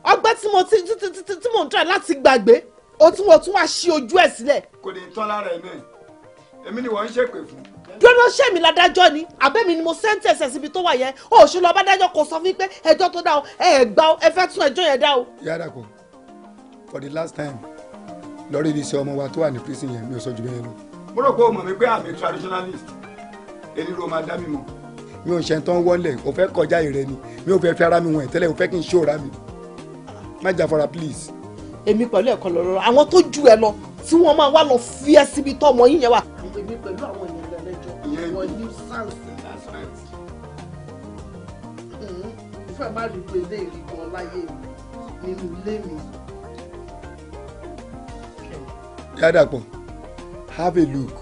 ọgbẹ́ tí mo tí mo ń tọ́ láti gbàgbé o tún o tún wá ṣí ojú ẹ̀ sílẹ̀. kò lè tán lára ẹ̀ náà èmi ni wọ́n ń ṣèpè fún. dúró ṣé mi ládájọ́ ni àbẹ́mi ni mo sẹ́ńtẹ̀sẹ̀ síbi tó wà yẹn òṣù lọ bádájọ́ kò sọ fún mi pé ẹjọ́ tó dá o ẹ gbà o ẹ fẹ́ tún ẹjọ́ yẹn dá o. yàrá kò for the last time lórí ibi iṣẹ́ ọmọ wa tó wà ní prison yẹn mi ò sọ jù bẹ́ẹ̀ lọ. mo rò pé o mọ̀ mi pé àmì traditionalist èyí ló máa dá mi mọ̀. mi ò ṣe tán wọlé o fẹ́ kọjá ìrẹ mi ò fẹ́ fi ara mi wọ̀n má jàfara please. èmi pẹ̀lú ẹ̀kọ́ lọ́rọ́ àwọn tó ju ẹ lọ tí wọ́n máa wá lọ fi ẹ́ síbi tó ọmọ yín yẹn wà. èmi pẹ̀lú àwọn ènìyàn lẹ́jọ́ wọ new south wales. má rí pé ilé ìrìkọ́ láyé mi nínú ilé mi. Yàdàpọ̀ have a look.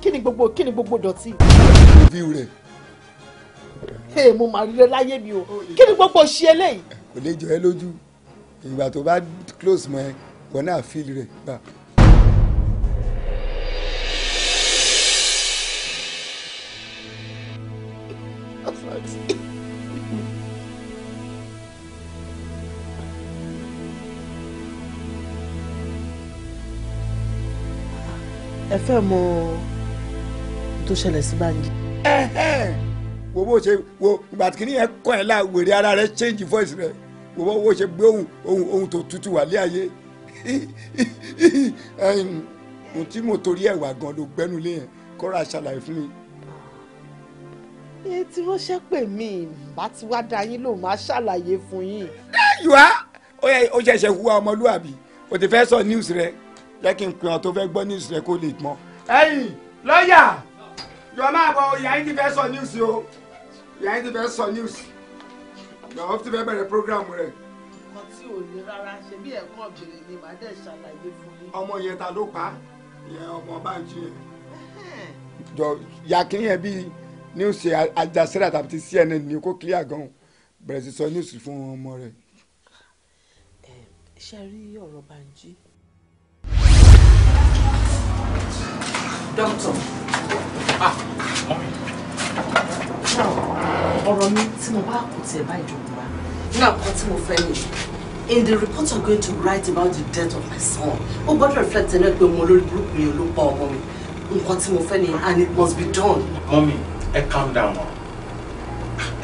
kí ni gbogbo kí gbogbo dọ̀tí. view rẹ̀. ee mo máa rí rẹ láyé mi o oh, kí gbogbo ṣe eléyìí kò lè jọ ẹ lójú ìgbà tó bá close mọ́ ẹ wọn náà feel rẹ gbà. ẹ fẹ́ mọ tó ṣẹlẹ̀ sí Bánjí. wo bó ṣe wo ìgbà tí kìnìyẹn kọ́ ẹ̀ la wèrè ara rẹ̀ change voice rẹ̀ wọ́n wọ́n ṣe gbé ohun ohun ohun tó tutù wà lé ayé ohun tí mo torí ẹ̀ wà gan ló gbẹ́nu lé yẹn kọ́ra ṣàlàyé fún mi. iye tí wọ́n ṣe pè mí bá ti wá da yín ló máa ṣàlàyé fún yín. dáyọ̀ ó ṣẹ̀ṣẹ̀ hùwà ọmọlúwàbí o ti fẹ́ sọ news rẹ jẹ́ kí n tó fẹ́ gbọ́ news rẹ kó lè mọ̀. ẹ̀yin lọ́ọ̀yà yọ̀ọ́ máa bọ̀ ìyá yín ti fẹ́ sọ news o ìyá yín ti fẹ́ sọ news ìgbàwọ́ ti fẹ́ bẹ̀rẹ̀ program rẹ̀. ọkọ tí ò lè rárá ṣe bí ẹ̀kọ́ ọ̀bìnrin ni màá dẹ̀ ṣàlàyé fún mi. ọmọ yẹn ta ló pa ìyẹn ọmọ báńkì yẹn. jọ yàkín yẹn bíi news Al Jazeera tàbí CNN ni kò clear gan bẹ̀rẹ̀ sí sọ news fún ọmọ rẹ̀. ṣe rí ọ̀rọ̀ Bánjí. dókítà. ah ọ̀rọ̀ mi tí mo bá kò tiẹ̀ bá ìjọba wa ní àkọ́kọ́ tí mo fẹ́ nìyí in the report i'm going to write about the death of my son ó gbọ́dọ̀ reflect ẹni pé mo lórí burúkú yẹn ló pa ọmọ mi nǹkan tí mo fẹ́ ni and it must be done. mọ́mí ẹ calm down o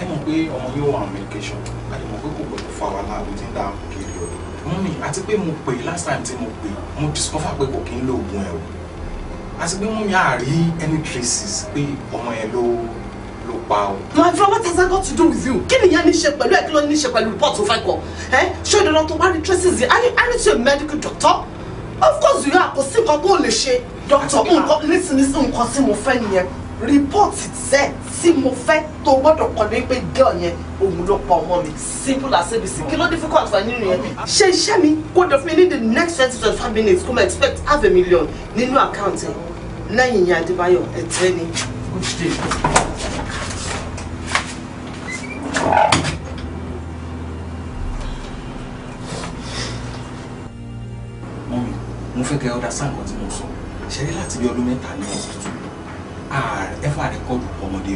ẹ mọ̀ pé ọmọ yóò wà medication a lè mọ̀ pé kò gbọdọ̀ fa wàhálà ló ti ń dá kiri o mọ́mí àti pé mo pè last time tí mo pè mo discover pé kò kí ń lo oògùn ẹ̀ o àti pé mọ́mí àárí any traces pé ọmọ yẹn ló pa o. my friend what has that got to do with you. kí nìyẹn ní ṣe pẹ̀lú ẹ̀ kí ló ní ṣe pẹ̀lú report tó fẹ́ kọ ẹ́ ṣé ìdọ̀nà tó wá ní traces yìí are you are you a medical doctor of course you are kò sí nǹkan tó lè ṣe doctor nǹkan nísinsìnyí nǹkan tí mo fẹ́ nìyẹn report ṣe tí mo fẹ́ tó gbọ́dọ̀ kọ ní pé girl yẹn òun ló pa ọmọ mi simple as abc kí ló difficult for nínú yẹn ṣe iṣẹ́ mi kó dọ̀ fún mi ní the next twenty twenty five minutes kó mo expect half a million nínú account ẹ̀ lẹ́yìn yẹn adébáyọ̀ ẹ̀tẹ́ ni good day mọ́mí mo fẹ́ kẹ́ ọ́dà sáǹkan tí mo sọ ṣẹlẹ̀ láti bí ọdún mẹ́ta ní ọ̀sítù ààrẹ ah, ẹ̀fà rẹ́kọ́dù ọmọdé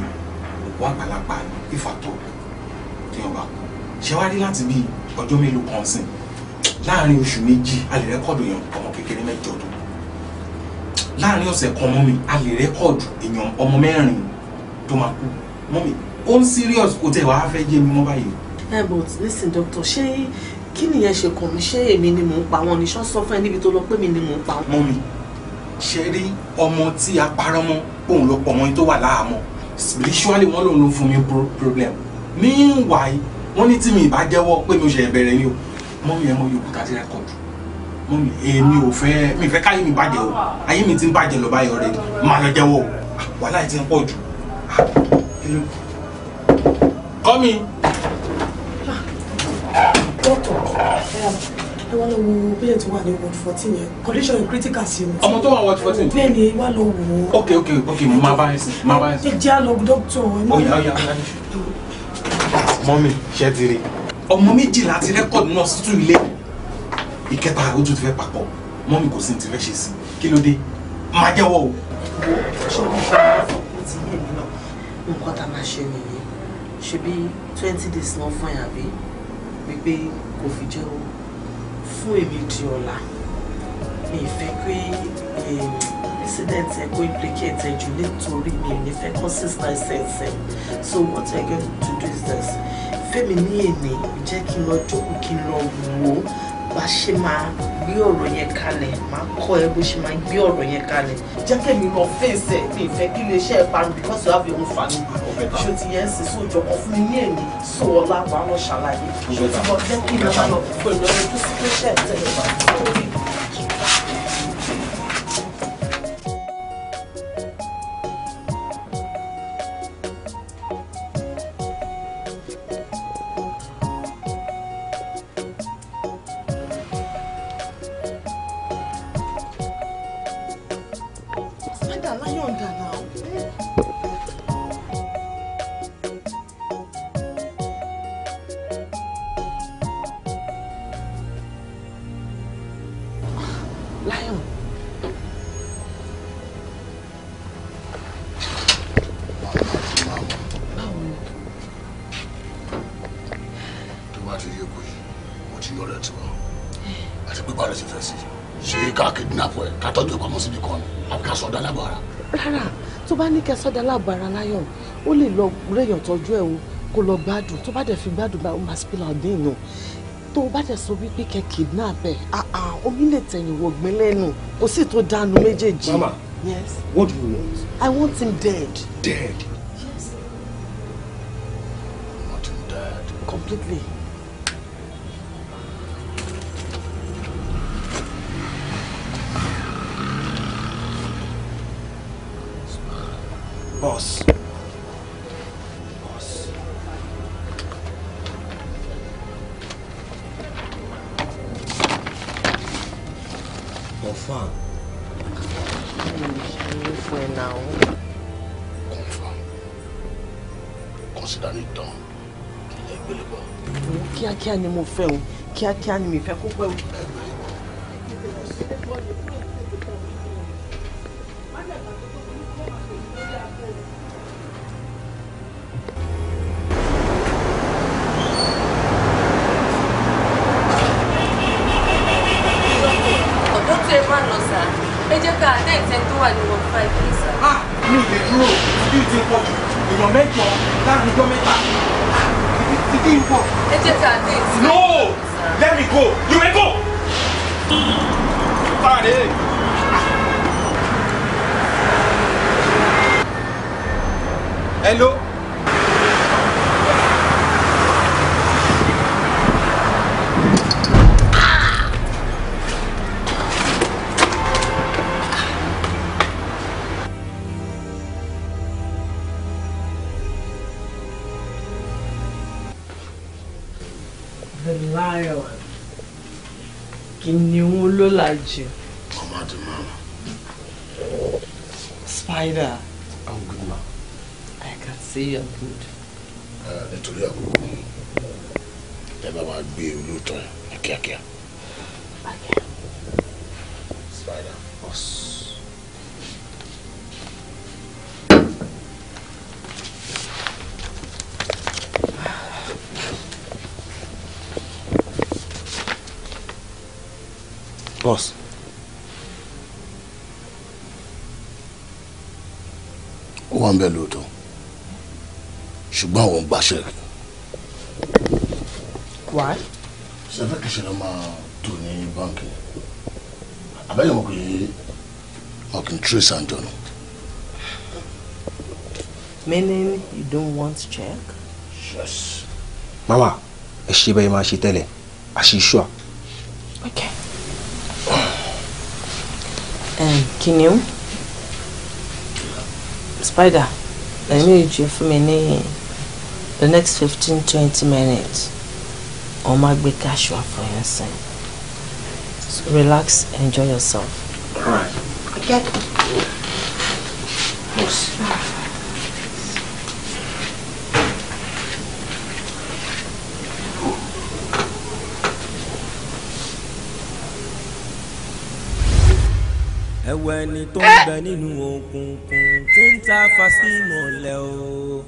òkú àgbàlagbà ìfàtọ̀ tí ọba kú ṣẹwárí láti bí ọjọ́ mélòó kan sìn láàrin oṣù méjì a lè rẹ́kọ̀dù èèyàn ọmọ kékeré mẹ́jọ tó láàrin ọ̀sẹ̀ kan mọ́mí a lè rẹ́kọ̀dù èèyàn ọmọ mẹ́rin tó máa kú mọ́mí ó ń serious kò tẹ̀ wàá fẹ́ jẹ́ mi mọ́ báyìí. ẹ eh, but listen doctor ṣé kí nìyẹn ṣe kàn mí ṣé èmi ni mò ń pa wọn níṣọ́ sọ fún ẹ níbi tó lọ pé mi ni mò ń pa wọn. mọ́mi ṣe rí ọmọ tí a parọ́ mọ́ òun ló pọ̀ mọ́ tó wà láàmú spiritually wọ́n lòun ló fún mi problem meanwhile wọ́n ní tí mi ìbá jẹ́wọ́ pé mi ò ṣe bẹ̀rẹ̀ yìí o mọ́mí ẹ̀ mọ yorùbá tàbí rẹ́kọ̀dù mọ́mí èmi ò fẹ́ mi fẹ́ káyé mi bàjẹ́ o ayé mi ti ń bàjẹ́ lọ báyọ̀ rẹ̀ máa lọ jẹ́wọ́ o ah, wàhálà ti ń pọ̀ jù. Ah, mọ́mí. dọ́tọ̀ ẹ wá lọ wo bíyẹn tó wà ní ward fourteen yẹn condition yẹn critical sí o. ọmọ tó wà ward fourteen. bẹ́ẹ̀ ni wá lọ wò ok ok ok mo máa bá ẹ sí máa bá ẹ sí. ẹ jẹ́ àlọ́ dọ́tọ̀ ẹ má. oya oya oya mọ́mí ṣẹ́ ti rí. ọmọ méjìlá ti rẹ́kọ̀dù náà sí tún ilé ìkẹta ojú ti fẹ́ papọ̀ mọ́mí kò sí ti fẹ́ ṣe sí kí ló dé máa jẹ́wọ́ o. nǹkan tá a ṣe nìyẹn ṣebí twenty days lọ fún yàn àbí wípé kò fi jẹ́ o fún èmi di ọ̀la mi ìfẹ́ pé president eh, ẹ kó implicate ẹ jù nítorí mi ò ní fẹ́ consistent sense ẹ so what i get to do is this fẹ́mi ní èní jẹ́ kí n lọ jókòó kí n lọ wò ó bá ṣe máa gbé ọ̀rọ̀ yẹn kalẹ̀ máa kọ́ ẹ bó ṣe máa gbé ọ̀rọ̀ yẹn kalẹ̀. jẹ́ kí lọ fèsì mi ìfẹ́ kí iléeṣẹ́ ẹ̀ parun because you have your own family. ṣé o ti yẹn sì sún ìjọba fún mi ní èmi sún ọlá wa lọ ṣàlàyé. ṣé ti lọ jẹ́ kí lọ pẹ̀lú ẹni tó sì fẹ́ ṣẹ̀ tẹ̀lé wa. lọ́rẹ́ tiwọn àti pípa rẹ̀ ti fẹ́ sí ṣé ká kidnap ẹ̀ ká tọ́jú ìpamọ́ síbi kan àbí ká sọ̀dá lábọ̀ ara. rárá tó bá ní kẹ́ sọ̀dá lábọ̀ ara láyọ̀ ó lè lọ rẹ̀yàn tọ́jú ẹ̀ o kó lọ gbádùn tó bá dẹ̀ fi gbádùn bá máa spill out dé ìnù tó bá dẹ̀ sọ wípé kẹ́ kidnap ẹ̀ omi lè tẹ̀yìn wọ̀gbìn lẹ́nu kò sì tó dánu méjèèjì. mama yes. what do you want. I want him dead. dead. yes. I want him dead. completely. ni mo fẹ́ o kíákíá ni mi fẹ́ kó pẹ́ o. pause. ó wà ń bẹ lóòótọ́ ṣùgbọ́n àwọn ń gbàṣẹ. wá. sẹ́fẹ̀ kìí ṣe ló máa tò ní báńkì àbẹ́yẹ̀ mọ̀ pé wọn kì trace àjọ nù. Meaning you don't want check? Yes. Mama, ẹ ṣe bẹ́ẹ̀ máa ṣe tẹ́lẹ̀, àṣìṣọ́ kìnìún spider ẹ̀mí ìjì fún mi ní the next fifteen twenty minutes wọ́n máa gbé káṣù àfọyẹ́sìn so relax enjoy yourself. All right. Okay. Yes. wo ẹni tó ń eh! bẹ nínú òkùnkùn tí ń ta fásímọ̀ lẹ̀ o.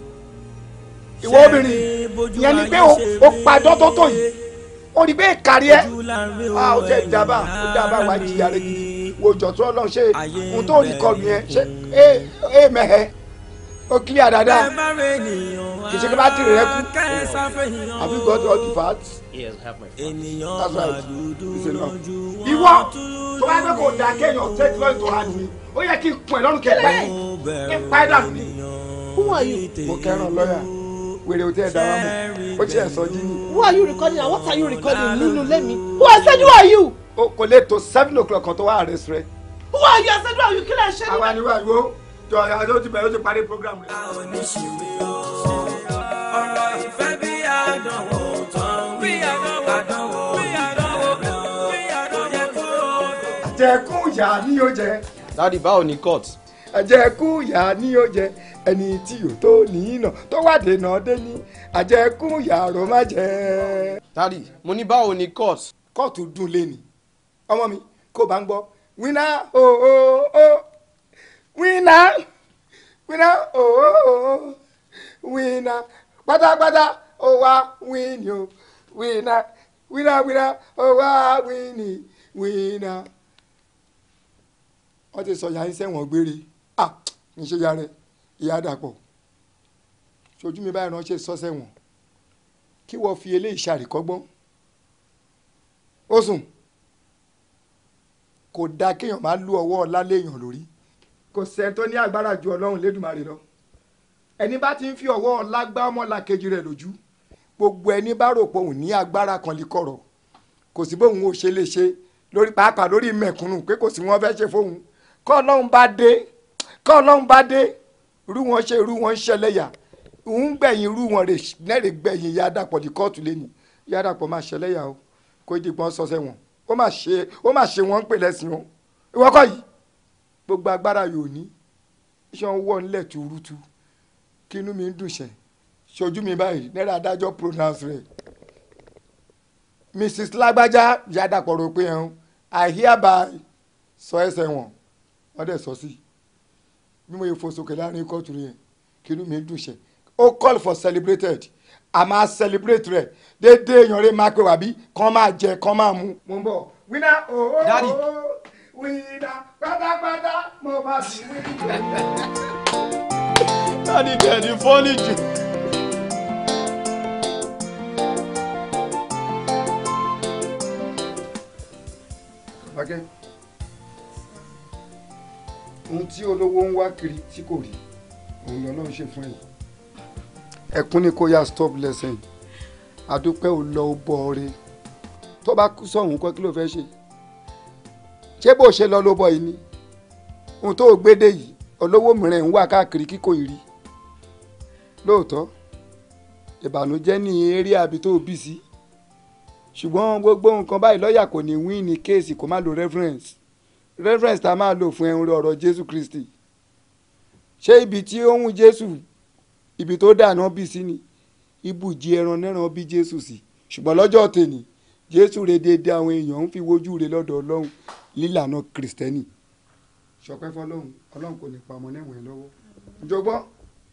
ìwọ obìnrin yẹn ni pé o padọ́ tó tó yìí o rí bẹ́ẹ̀ kárí ẹ́ a ò jẹ́ ìjàmbá ó dábàá wá jìyà rẹ gidi wo jọ̀tún ọlọ́run ṣe ohun tó rí kọ́ mi ṣe é eh, eh, mẹ́hẹ́ ó kílíà dáadáa kì í ṣe rẹ kú have you got all the facts. ènìyàn máa dúdú lójú wọn. ìwọ tó bá yẹ kó da kéèyàn tẹ́tí lọ́yìn tó ra ni ó yẹ kí n pọ̀ ẹ́ lọ́rùn kẹlẹ́ kí n pa ẹ́ dànù ni. who are you. mo kẹ́ràn lọ́yà wèrè ò tẹ́ ẹ̀ dára mọ́ ó tiẹ̀ sọ jí ni. who are you recording and what are you recording nínú lẹ́mi. who I said who are you. o kò lè tó seven o'clock kan tó wá àrẹ́sì rẹ. who are you I said who are you kí lè ṣe nígbà. àwa ni wà yó jọ ti bẹ̀rẹ̀ ó ti parí program rẹ. àwọn oníṣòwò yóò. ẹ̀jẹ̀kú ìyá ni ó jẹ. dáàdi báwo ni court. àjẹkú ni o jẹ ẹni tí yóò tó nìyínà tó wà dènà dé ní ló má ni court. court dùn ọmọ mi kó bá ń gbọ́ ooo wíná wíná ooo wíná pátápátá ó wá wíní o wina wíná wíná ó wá wọ́n ti sọ yàrá sẹ́wọ̀n gbére à ní ṣe yàrá ìyá dàpọ̀ ṣojú mi báyìí ránṣẹ́ sọ sẹ́wọ̀n kí wọ́n fi eléyìí ṣàríkọ́gbọ́n ó sùn kò dáa kéèyàn máa lú ọwọ́ ọlá léèyàn lórí kò sẹ́ni tó ní agbára ju ọlọ́run lédùmarè lọ ẹni bá ti ń fi ọwọ́ ọlá gbá ọmọlàkejì rẹ̀ lójú gbogbo ẹni bá rò pé òun ní agbára kan lè kọ̀rọ̀ kò sí bóun ò ṣe lè ṣe lórí pàápàá lórí mẹ̀kúnnù pé kò sí wọn fẹ́ ṣe fóun kọ́ ọlọ́run bá dé kọ́ ọlọ́run bá dé irú wọn ṣe irú wọn ṣẹlẹ́yà ń gbẹ̀yìn irú wọn lẹ́rìí gbẹ̀yìn ìyá dàpọ̀ di kóòtù lẹ́nu ìyá dàpọ̀ máa ṣẹlẹ́yà o kó dìgbọ́n sọ sẹ́wọ̀n ó máa ṣe ó máa ṣe wọ́n ń pè lẹ́sìn wọn ìwọ́kọ̀ yìí gbogbo agbára yóò ní iṣan wọ̀ nílẹ̀ tuurutu kí inú mi ń dùn ṣẹ́ ṣojú mi báyìí náírà adájọ́ pronounce rẹ̀ mrs lágbájá ìyá dàpọ̀ rò pé ẹ̀hún i hereby sọ ẹsẹ̀ wọn wọ́n dẹ̀ bí mo yẹ fò láàrin kóòtù yẹn kí inú mi dùn ṣe ó call for celebrated a máa celebrate rẹ̀ déédéé èèyàn rẹ̀ máa pè wá bí kán máa jẹ kán máa mu. mo ń bọ̀ wíná òwò dáàdì wíná pátápátá mo bá sí wíná. dáàdì kẹ́ẹ̀dì fọ́ọ̀lì jù. Okay ohun tí olówó ń wá kiri tí kò rí òun lọ́lọ́run ṣe fún ẹ̀yìn ẹkún ni kò yá stop lesson àdúpẹ́ ò lọ bọ ọrẹ tó bá kú sọ̀hún kọ́ kí ló fẹ́ ṣe ṣé bó ṣe lọ ló bọ yìí ni ohun tó gbédè yìí olówó mìíràn ń wá káàkiri kíkò yìí rí lóòótọ́ ìbànújẹ́ ní eré àbí tó bí sí ṣùgbọ́n gbogbo nǹkan báyìí lọ́ọ̀yà kò ní wí ní kéèsì kó má lo reference reference tá a máa lò fún ẹ̀hún ọ̀rọ̀ jésù kristi ṣé ibi tí ó ń jésù ibi tó dáná bí sí ni ibùjì ẹran nẹ́ran bí jésù sí ṣùgbọ́n lọ́jọ́ tèmi jésù rè déédéé àwọn èèyàn ń fi wojú rẹ̀ lọ́dọ̀ ọlọ́run lílànà kristẹni ṣọpẹ́ fọlọ́run ọlọ́run kò ní pa ọmọ náà wọ̀nyẹn lọ́wọ́ njọgbọ́n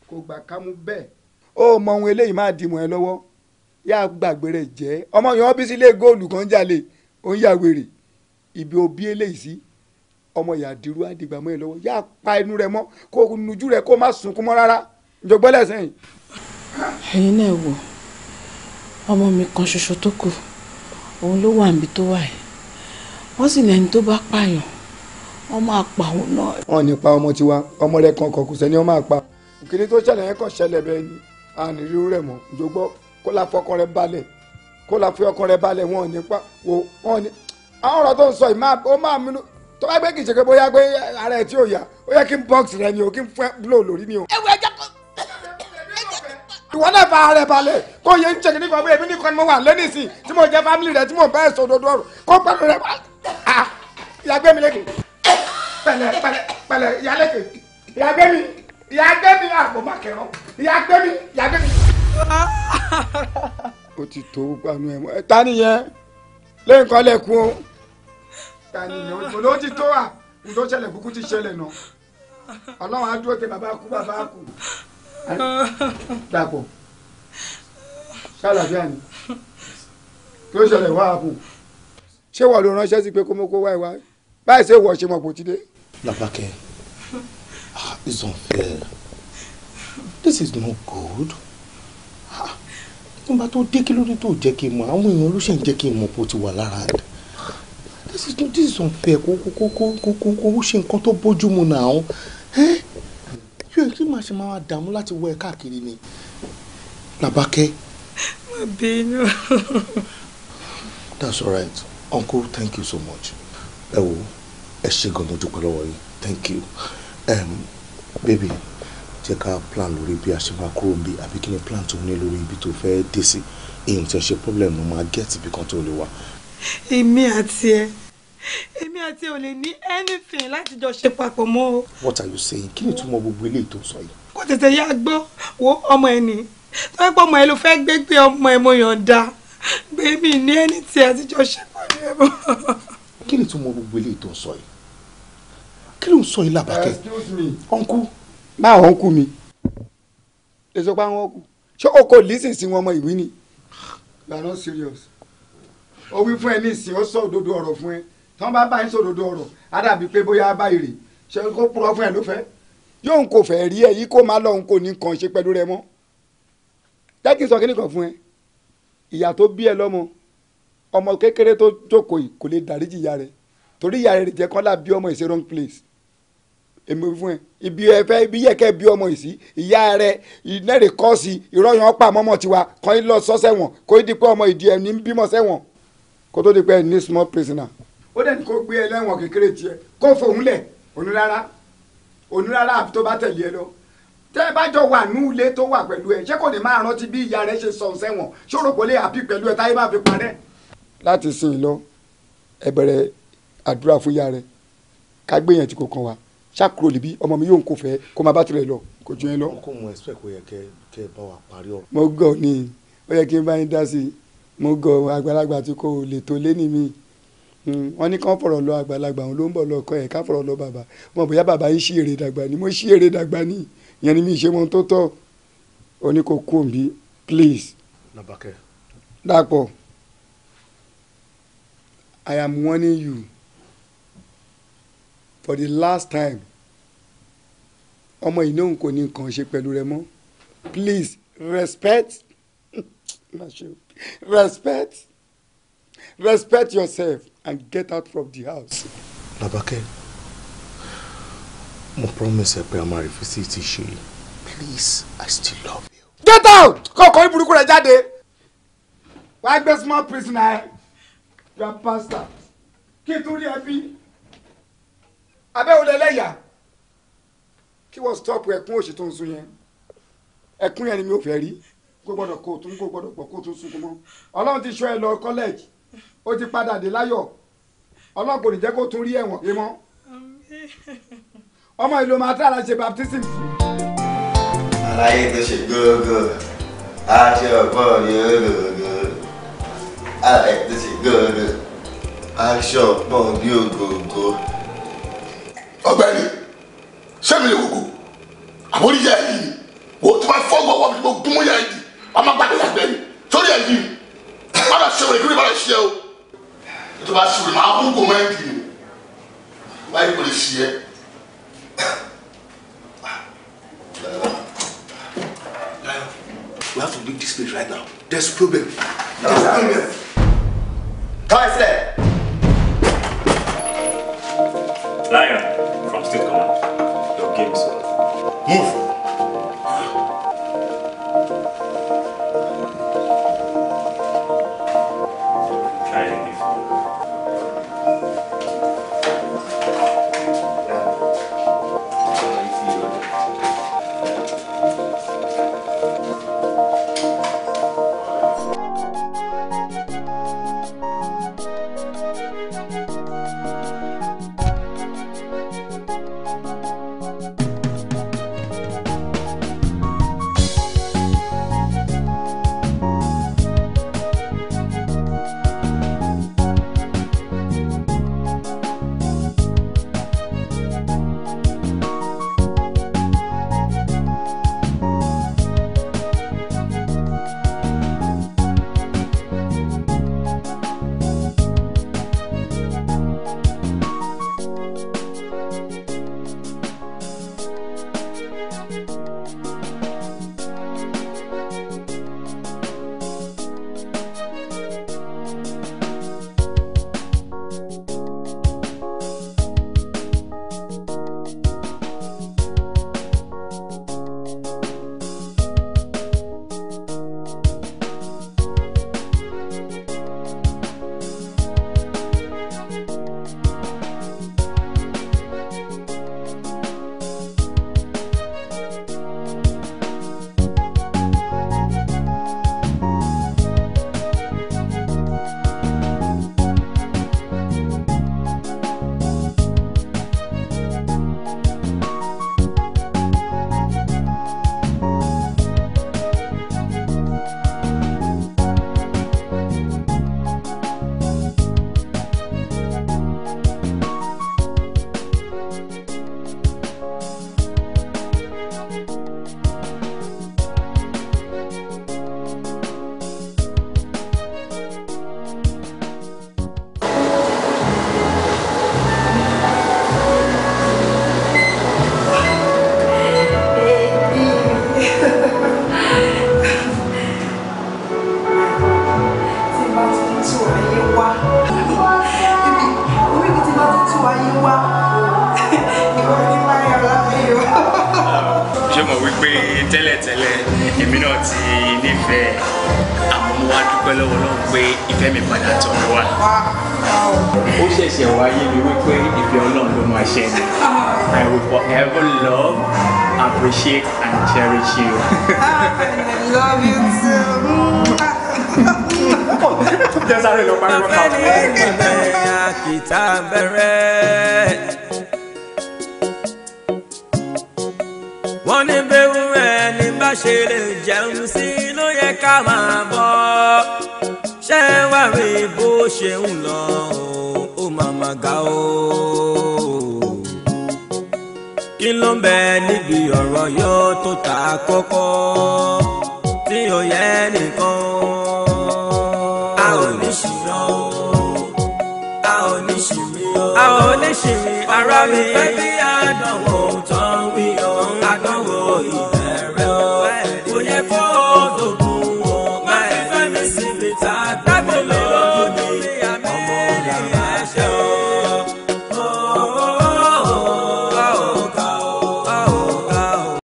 kò gbà kámú bẹ́ẹ̀ ó mọ ohun eléyìí máa dìmọ̀ ẹ lọ́wọ́ yá gbàgbé rẹ̀ jẹ́ ọmọ yẹn wọ́n bí sílé góòlù kan jalè ó ń yàwèrè ibi òbí eléyìí sí ọmọ yàdìrú àdìgbà mọ́ ẹ lọ́wọ́ yá pa ẹnu rẹ mọ́ kó nujú rẹ kó má sunkún mọ́ rárá njọgbọ́lẹ̀ sẹ́yìn. ẹ̀yin náà wò ọmọ mi kan ṣoṣo tó kù òun ló wà níbi tó wà yìí wọ́n sì lẹ́ni tó bá pààyàn wọ́n máa pa òun náà. wọn ní pa ọmọ tiwa ọmọ rẹ kan kọkù sẹ́ni wọ́n máa pa òkèlè tó ṣẹlẹ̀ yẹn kàn ṣẹlẹ̀ bẹ́ẹ̀ ni a ní rírú rẹ̀ mọ́ jọgbọ́ kó la fọkàn rẹ balẹ̀ kó la fi ọkàn rẹ balẹ̀ wọn ò ní pa wọn ò ní. àwọn ọ̀rọ̀ tó ń sọ yìí ó máa mú tó bá gbé kìí ṣe pé bóyá pé ara ẹ̀ tí ò yá ó yẹ kí n box rẹ ni o kí n fẹ́ blow lórí ni o. ẹ wọ ẹja kọ. ìwọ náà fa ara ẹ balẹ̀ kó yẹ ń ṣèkìní kan bí èmi nìkan ni mo wà lẹ́nu ìsìn tí mo jẹ́ family rẹ tí mo bá ẹ̀sọ́ òdodo ọ̀rọ̀ kó pẹ̀lú rẹ wá. Ah, ìyàgbé mi lékè pẹ̀lẹ́ pẹ̀lẹ́ pẹ̀lẹ́ ìyàlẹ́kè ìyàgbé mi ìyàgbé mi àpò má kẹrọ ìyàgbé mi ìyàgbé mi. ó ti tó gbanú ẹ mọ ẹ ta nìyẹn lẹ́yìn kan ta ni ìnáwó ìfòló ti tó wà nítorí ó kúkú ti ṣẹlẹ̀ nà ọlọ́run á dúró pé bàbá kú bàbá kú dàpọ̀ ṣàlàyé àná kí ó ṣẹlẹ̀ wá àpò ṣé wọ́n ló ránṣẹ́ sí pé kó mọ́ kó wá báyìí ṣé wọ́n ṣe mọ̀ kò ti dé. Làbákẹ́ ah, it's unfair this is no good ah, nígbà tó dé kí lórí tó jẹ́ kí n mọ̀ àwọn èèyàn ló ṣe ń jẹ́ kí n mọ̀ bó wà lára rẹ̀ this is not this is unfair kò kò kò kò kò kò kò ṣe nǹkan tó bójúmu náà ọ̀hún yóò kí màá ṣe máa dààmú láti wọ ẹ káàkiri ni làbákẹ́. má bínú. that's alright, uncle thank you so much ẹ wo ẹ ṣe gan mo dúpẹ́ lọ́wọ́ yín thank you um, baby jẹ́ ká plan lórí bí a ṣe máa kúrò bí àbí kí ni plan tó ní lórí ibi tó fẹ́ dé sí èyí tí ṣe problem ló máa get ibi kan tó lè wà. èmi àti ẹ èmi àti ò lè ní anything láti jọ ṣe papọ̀ mọ́ o. what are you saying kí ni túmọ̀ gbogbo eléyìí tó ń sọ yìí. kó tètè yá gbọ́ wo ọmọ ẹ nì tó ń pọ̀ ọmọ ẹ ló fẹ́ gbé gbé ọmọ ẹ mo yọ̀ǹda gbé mi ní ẹni tí àti jọ ṣe pàdé ẹ mọ́. kí ni túmọ̀ gbogbo eléyìí tó ń sọ yìí kí ló ń sọ yìí làbàkẹ́ ọ̀nkú. máa ọ̀nkú mi èso pa àwọn ọkù ṣé o kò lísìn sí wọn ọmọ ìwí ni. you are not serious. ó wí fún ẹ ní ìsìn ó sọ òdodo ọ̀rọ̀ fún ẹ tán bá bá yín sòdodo ọ̀rọ̀ á dàbí pé bóyá báyìí rè ṣe kó purọ́ fún ẹ ló fẹ́ yóò ń kò fẹ́ rí ẹ yìí kó má lọ́hùn kò ní kàn ṣe pẹ̀lú rẹ mọ́ jẹ́ kí n sọ kíní kan fún ẹ ìyá tó bí ẹ lọ́mọ ọmọ kékeré tó jókòó yìí kò lè dáríjì ìyá rẹ torí ìyá rẹ jẹ́ kán là bí ọmọ ìṣe wrong place èmi fún ẹ ibi ẹ fẹ́ ibi yẹ kẹ́ bí ọmọ ìsí ìyá rẹ ìnẹ́rẹ̀ kọ́ sí ìrọ́yàn pa mọ́mọ́ tiwa kàn í lọ sọ́sẹ̀wọ̀n kó di pé ọmọ ìdí ẹni ń bímọ sẹ́wọ̀n kó tó di pé ẹ ní small prisoner ó dẹ̀ ní kó gbé ẹlẹ́wọ̀n kékeré tiẹ̀ kó fòun lẹ̀ onírárá onírárá àfi tó bá tẹ̀lé ẹ lọ tẹ́ ẹ bá jọ wà ní ilé tó wà pẹ̀lú ẹ ṣé kò ní máa rántí bí ìyá rẹ ṣe sọ sẹ́wọ̀n ṣòro kò lè àbí pẹ̀lú ẹ táyé máa fi parẹ́. láti sin ìlọ ẹ bẹ̀rẹ̀ àdúrà fún ìyá rẹ ká gbé yẹn tí kò kàn wá ṣàkúrò níbí ọmọ mi yóò ń fẹ́ kó máa bá tirẹ̀ lọ kò ju yẹn lọ. mo gọ ni ó yẹ kí n bá yín dá sí i mo gọ àgbàlagbà tí kò lè tó lé ní mi. Hmm, wọ́n ní kán fọ̀rọ̀ lọ àgbàlagbà òun ló ń bọ̀ lọ ọkọ ẹ̀ ká fọ̀rọ̀ lọ bàbá wọn bóyá bàbá yìí ṣí èrè dàgbà ni mo ṣí èrè dàgbà ni ìyẹn ni mi ṣe mọ tó tọ́ ó ní kó kú òǹbí please. dàpọ̀ I am warning you for the last time ọmọ yìí náà kò ní nǹkan ṣe pẹ̀lú rẹ mọ́ please respect respect respect yourself and get out from the house. Labake, I promise ẹ pé a máa rìfísì ti ṣe yìí. Please, I still love you. Get out! Kọ̀ọ̀kan you rẹ̀ jáde. Why? gbé small prisoner You are pastor. Kí n tún rí ẹbí. Abẹ́ òde lẹ́yà. Kí wọ́n was ẹkún òṣì tó ń sun yẹn. Ẹkún yẹn ni mi ò fẹ́ rí. Kó gbọ́dọ̀ kó o tún kó o gbọ́dọ̀ pọ̀ kó o tún sunkún mọ́. Ọlọ́run ti ṣọ́ ẹ lọ kọ́lẹ́ẹ̀jì ó ti padà dé láyọ̀ ọlọ́run kò ní jẹ́ kó tún rí ẹ̀wọ̀n gbé mọ́ ọmọ ìlú máa tààrà ṣe baptism fún. aláyé tó ṣe gógó aṣọ ọ̀pọ̀ yòógògó aláyé tó ṣe gógó aṣọ ọ̀pọ̀ yòógògó. ọ̀gbẹ́ni sẹmi lè wògò àforíjì ẹyí ni wò ó tó fọ́ gbọ́wọ́ mi gbogbo gúnmọ́ yẹn yìí wọ́n gbàgbé àgbẹ̀ mi sórí ẹyí ni ṣe wẹ̀rẹ̀ kí wọ́n ṣe o tó bá sùn máa kú kò mọ́ ẹ̀dì o báyìí kò lè sí ẹ. We have to leave this place right now. There's a problem. There's problem. Come here. Lion from State Command. Your game's over. Move.